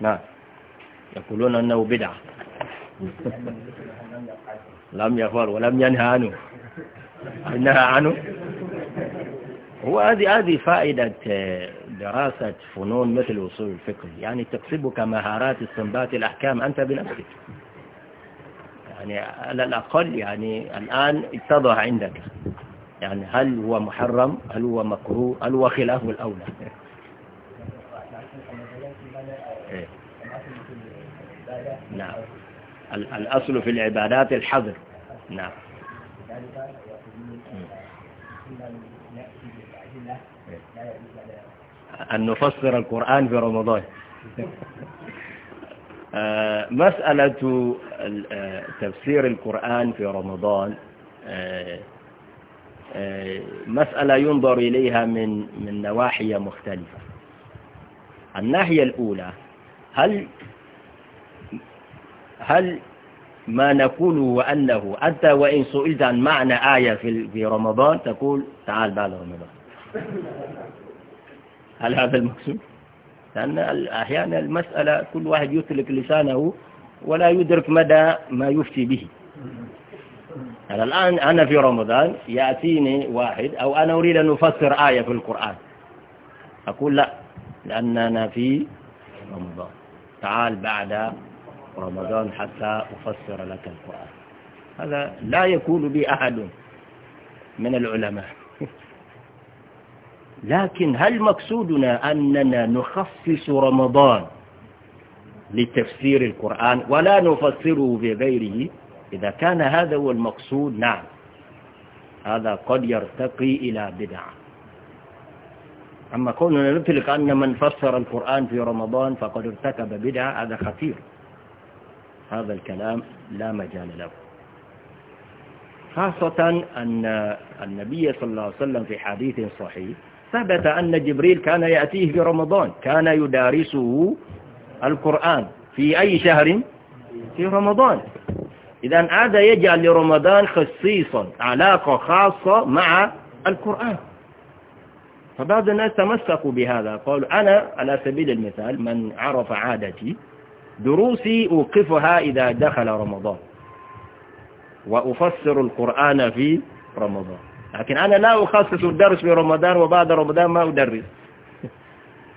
نعم يقولون أنه بدعة لم يفعل ولم ينهى عنه نهى عنه هو هذه هذه فائدة آه، دراسة فنون مثل وصول الفقه يعني تكسبك مهارات استنباط الأحكام أنت بنفسك يعني على الأقل يعني الآن اتضح عندك يعني هل هو محرم هل هو مكروه هل هو خلاف الأولى نعم الأصل في العبادات الحظر نعم أن نفسر القرآن في رمضان آه، مسألة آه، تفسير القرآن في رمضان آه، مسألة ينظر إليها من من نواحي مختلفة الناحية الأولى هل هل ما نقول وأنه أنت وإن سئلت عن معنى آية في في رمضان تقول تعال بعد رمضان هل هذا المقصود؟ لأن أحيانا المسألة كل واحد يطلق لسانه ولا يدرك مدى ما يفتي به أنا يعني الآن أنا في رمضان يأتيني واحد أو أنا أريد أن أفسر آية في القرآن أقول لا لأننا في رمضان تعال بعد رمضان حتى أفسر لك القرآن هذا لا يقول بي أحد من العلماء لكن هل مقصودنا أننا نخصص رمضان لتفسير القرآن ولا نفسره بغيره إذا كان هذا هو المقصود نعم هذا قد يرتقي إلى بدعة أما كوننا نطلق أن من فسر القرآن في رمضان فقد ارتكب بدعة هذا خطير هذا الكلام لا مجال له خاصة أن النبي صلى الله عليه وسلم في حديث صحيح ثبت أن جبريل كان يأتيه في رمضان كان يدارسه القرآن في أي شهر في رمضان إذا هذا يجعل لرمضان خصيصا علاقة خاصة مع القرآن فبعض الناس تمسكوا بهذا قالوا أنا على سبيل المثال من عرف عادتي دروسي أوقفها إذا دخل رمضان وأفسر القرآن في رمضان لكن أنا لا أخصص الدرس في رمضان وبعد رمضان ما أدرس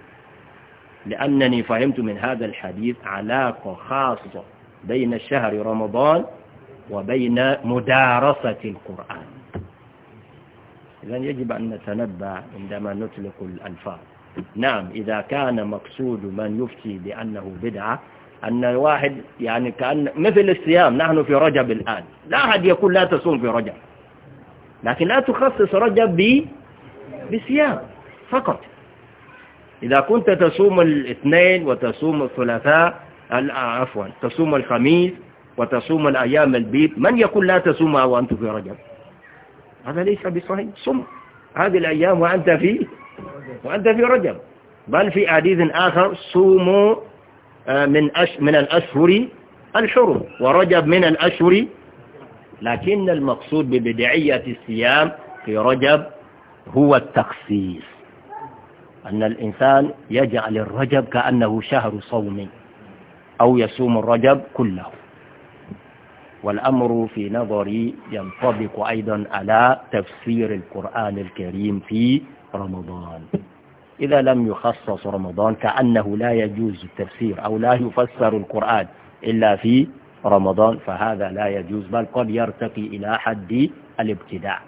لأنني فهمت من هذا الحديث علاقة خاصة بين الشهر رمضان وبين مدارسة القرآن إذن يجب أن نتنبأ عندما نطلق الألفاظ نعم إذا كان مقصود من يفتي بأنه بدعة أن الواحد يعني كأن مثل الصيام نحن في رجب الآن لا أحد يقول لا تصوم في رجب لكن لا تخصص رجب ب... بصيام فقط إذا كنت تصوم الاثنين وتصوم الثلاثاء آه، عفوا تصوم الخميس وتصوم الأيام البيت من يقول لا تصومها وأنت في رجب هذا ليس بصحيح صم هذه الأيام وأنت في وأنت في رجب بل في حديث آخر صوموا آه، من أش من الأشهر الحرم ورجب من الأشهر لكن المقصود ببدعية الصيام في رجب هو التخصيص أن الإنسان يجعل الرجب كأنه شهر صوم أو يصوم الرجب كله والأمر في نظري ينطبق أيضا على تفسير القرآن الكريم في رمضان إذا لم يخصص رمضان كأنه لا يجوز التفسير أو لا يفسر القرآن إلا في رمضان فهذا لا يجوز بل قد يرتقي إلى حد الابتداع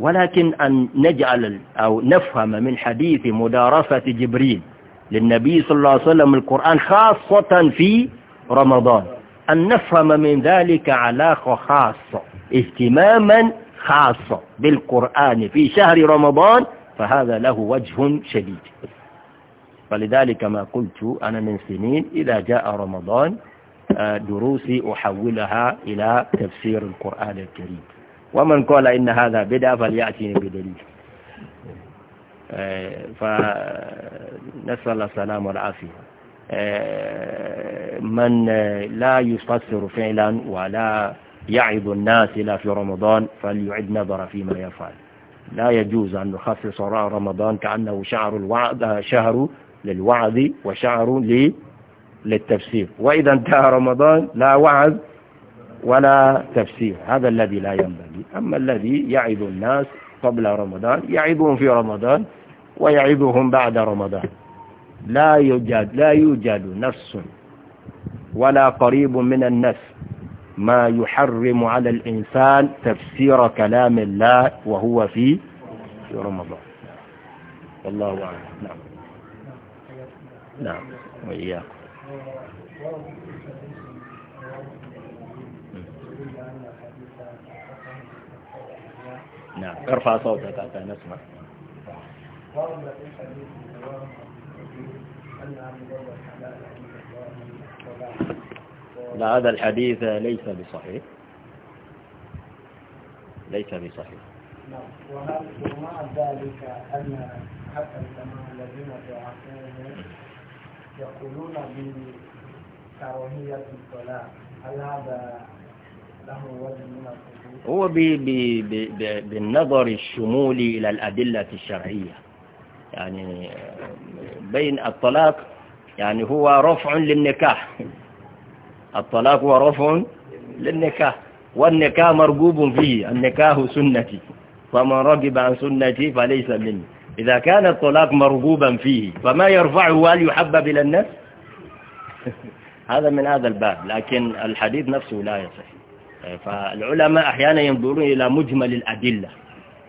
ولكن أن نجعل أو نفهم من حديث مدارسة جبريل للنبي صلى الله عليه وسلم القرآن خاصة في رمضان أن نفهم من ذلك علاقة خاصة اهتماما خاصة بالقرآن في شهر رمضان فهذا له وجه شديد فلذلك ما قلت أنا من سنين إذا جاء رمضان آه، دروسي أحولها إلى تفسير القرآن الكريم ومن قال إن هذا بدا فليأتيني بدليل آه، فنسأل الله السلام والعافية آه، من لا يفسر فعلا ولا يعظ الناس إلا في رمضان فليعد نظر فيما يفعل لا يجوز أن نخصص رمضان كأنه شهر الوعد شهر للوعد وشهر للتفسير وإذا انتهى رمضان لا وعد ولا تفسير هذا الذي لا ينبغي أما الذي يعظ الناس قبل رمضان يعظهم في رمضان ويعظهم بعد رمضان لا يوجد لا يوجد نفس ولا قريب من النفس ما يحرم على الإنسان تفسير كلام الله وهو في في رمضان الله أعلم نعم نعم وإياك نعم ارفع صوتك حتى نسمع Thank you. لا هذا الحديث ليس بصحيح ليس بصحيح نعم. ومع ذلك أن حتى الجماعة الذين بعثوهم يقولون بكراهية الصلاة هل هذا له هو بي بي بي بالنظر الشمولي إلى الأدلة الشرعية يعني بين الطلاق يعني هو رفع للنكاح الطلاق هو رفع للنكاح والنكاح مرغوب فيه النكاح سنتي فمن رغب عن سنتي فليس مني إذا كان الطلاق مرغوبا فيه فما يرفعه هل يحبب إلى الناس هذا من هذا الباب لكن الحديث نفسه لا يصح فالعلماء أحيانا ينظرون إلى مجمل الأدلة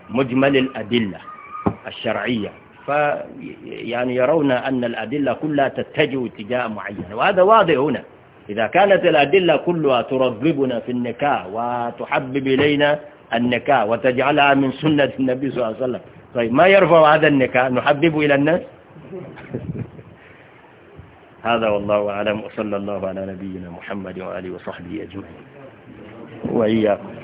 مجمل الأدلة الشرعية ف يعني يرون أن الأدلة كلها تتجه اتجاه معين وهذا واضح هنا إذا كانت الأدلة كلها ترغبنا في النكاح وتحبب إلينا النكاح وتجعلها من سنة النبي صلى الله عليه وسلم طيب ما يرفع هذا النكاح نحبب إلى الناس هذا والله أعلم وصلى الله على نبينا محمد وآله وصحبه أجمعين وإياكم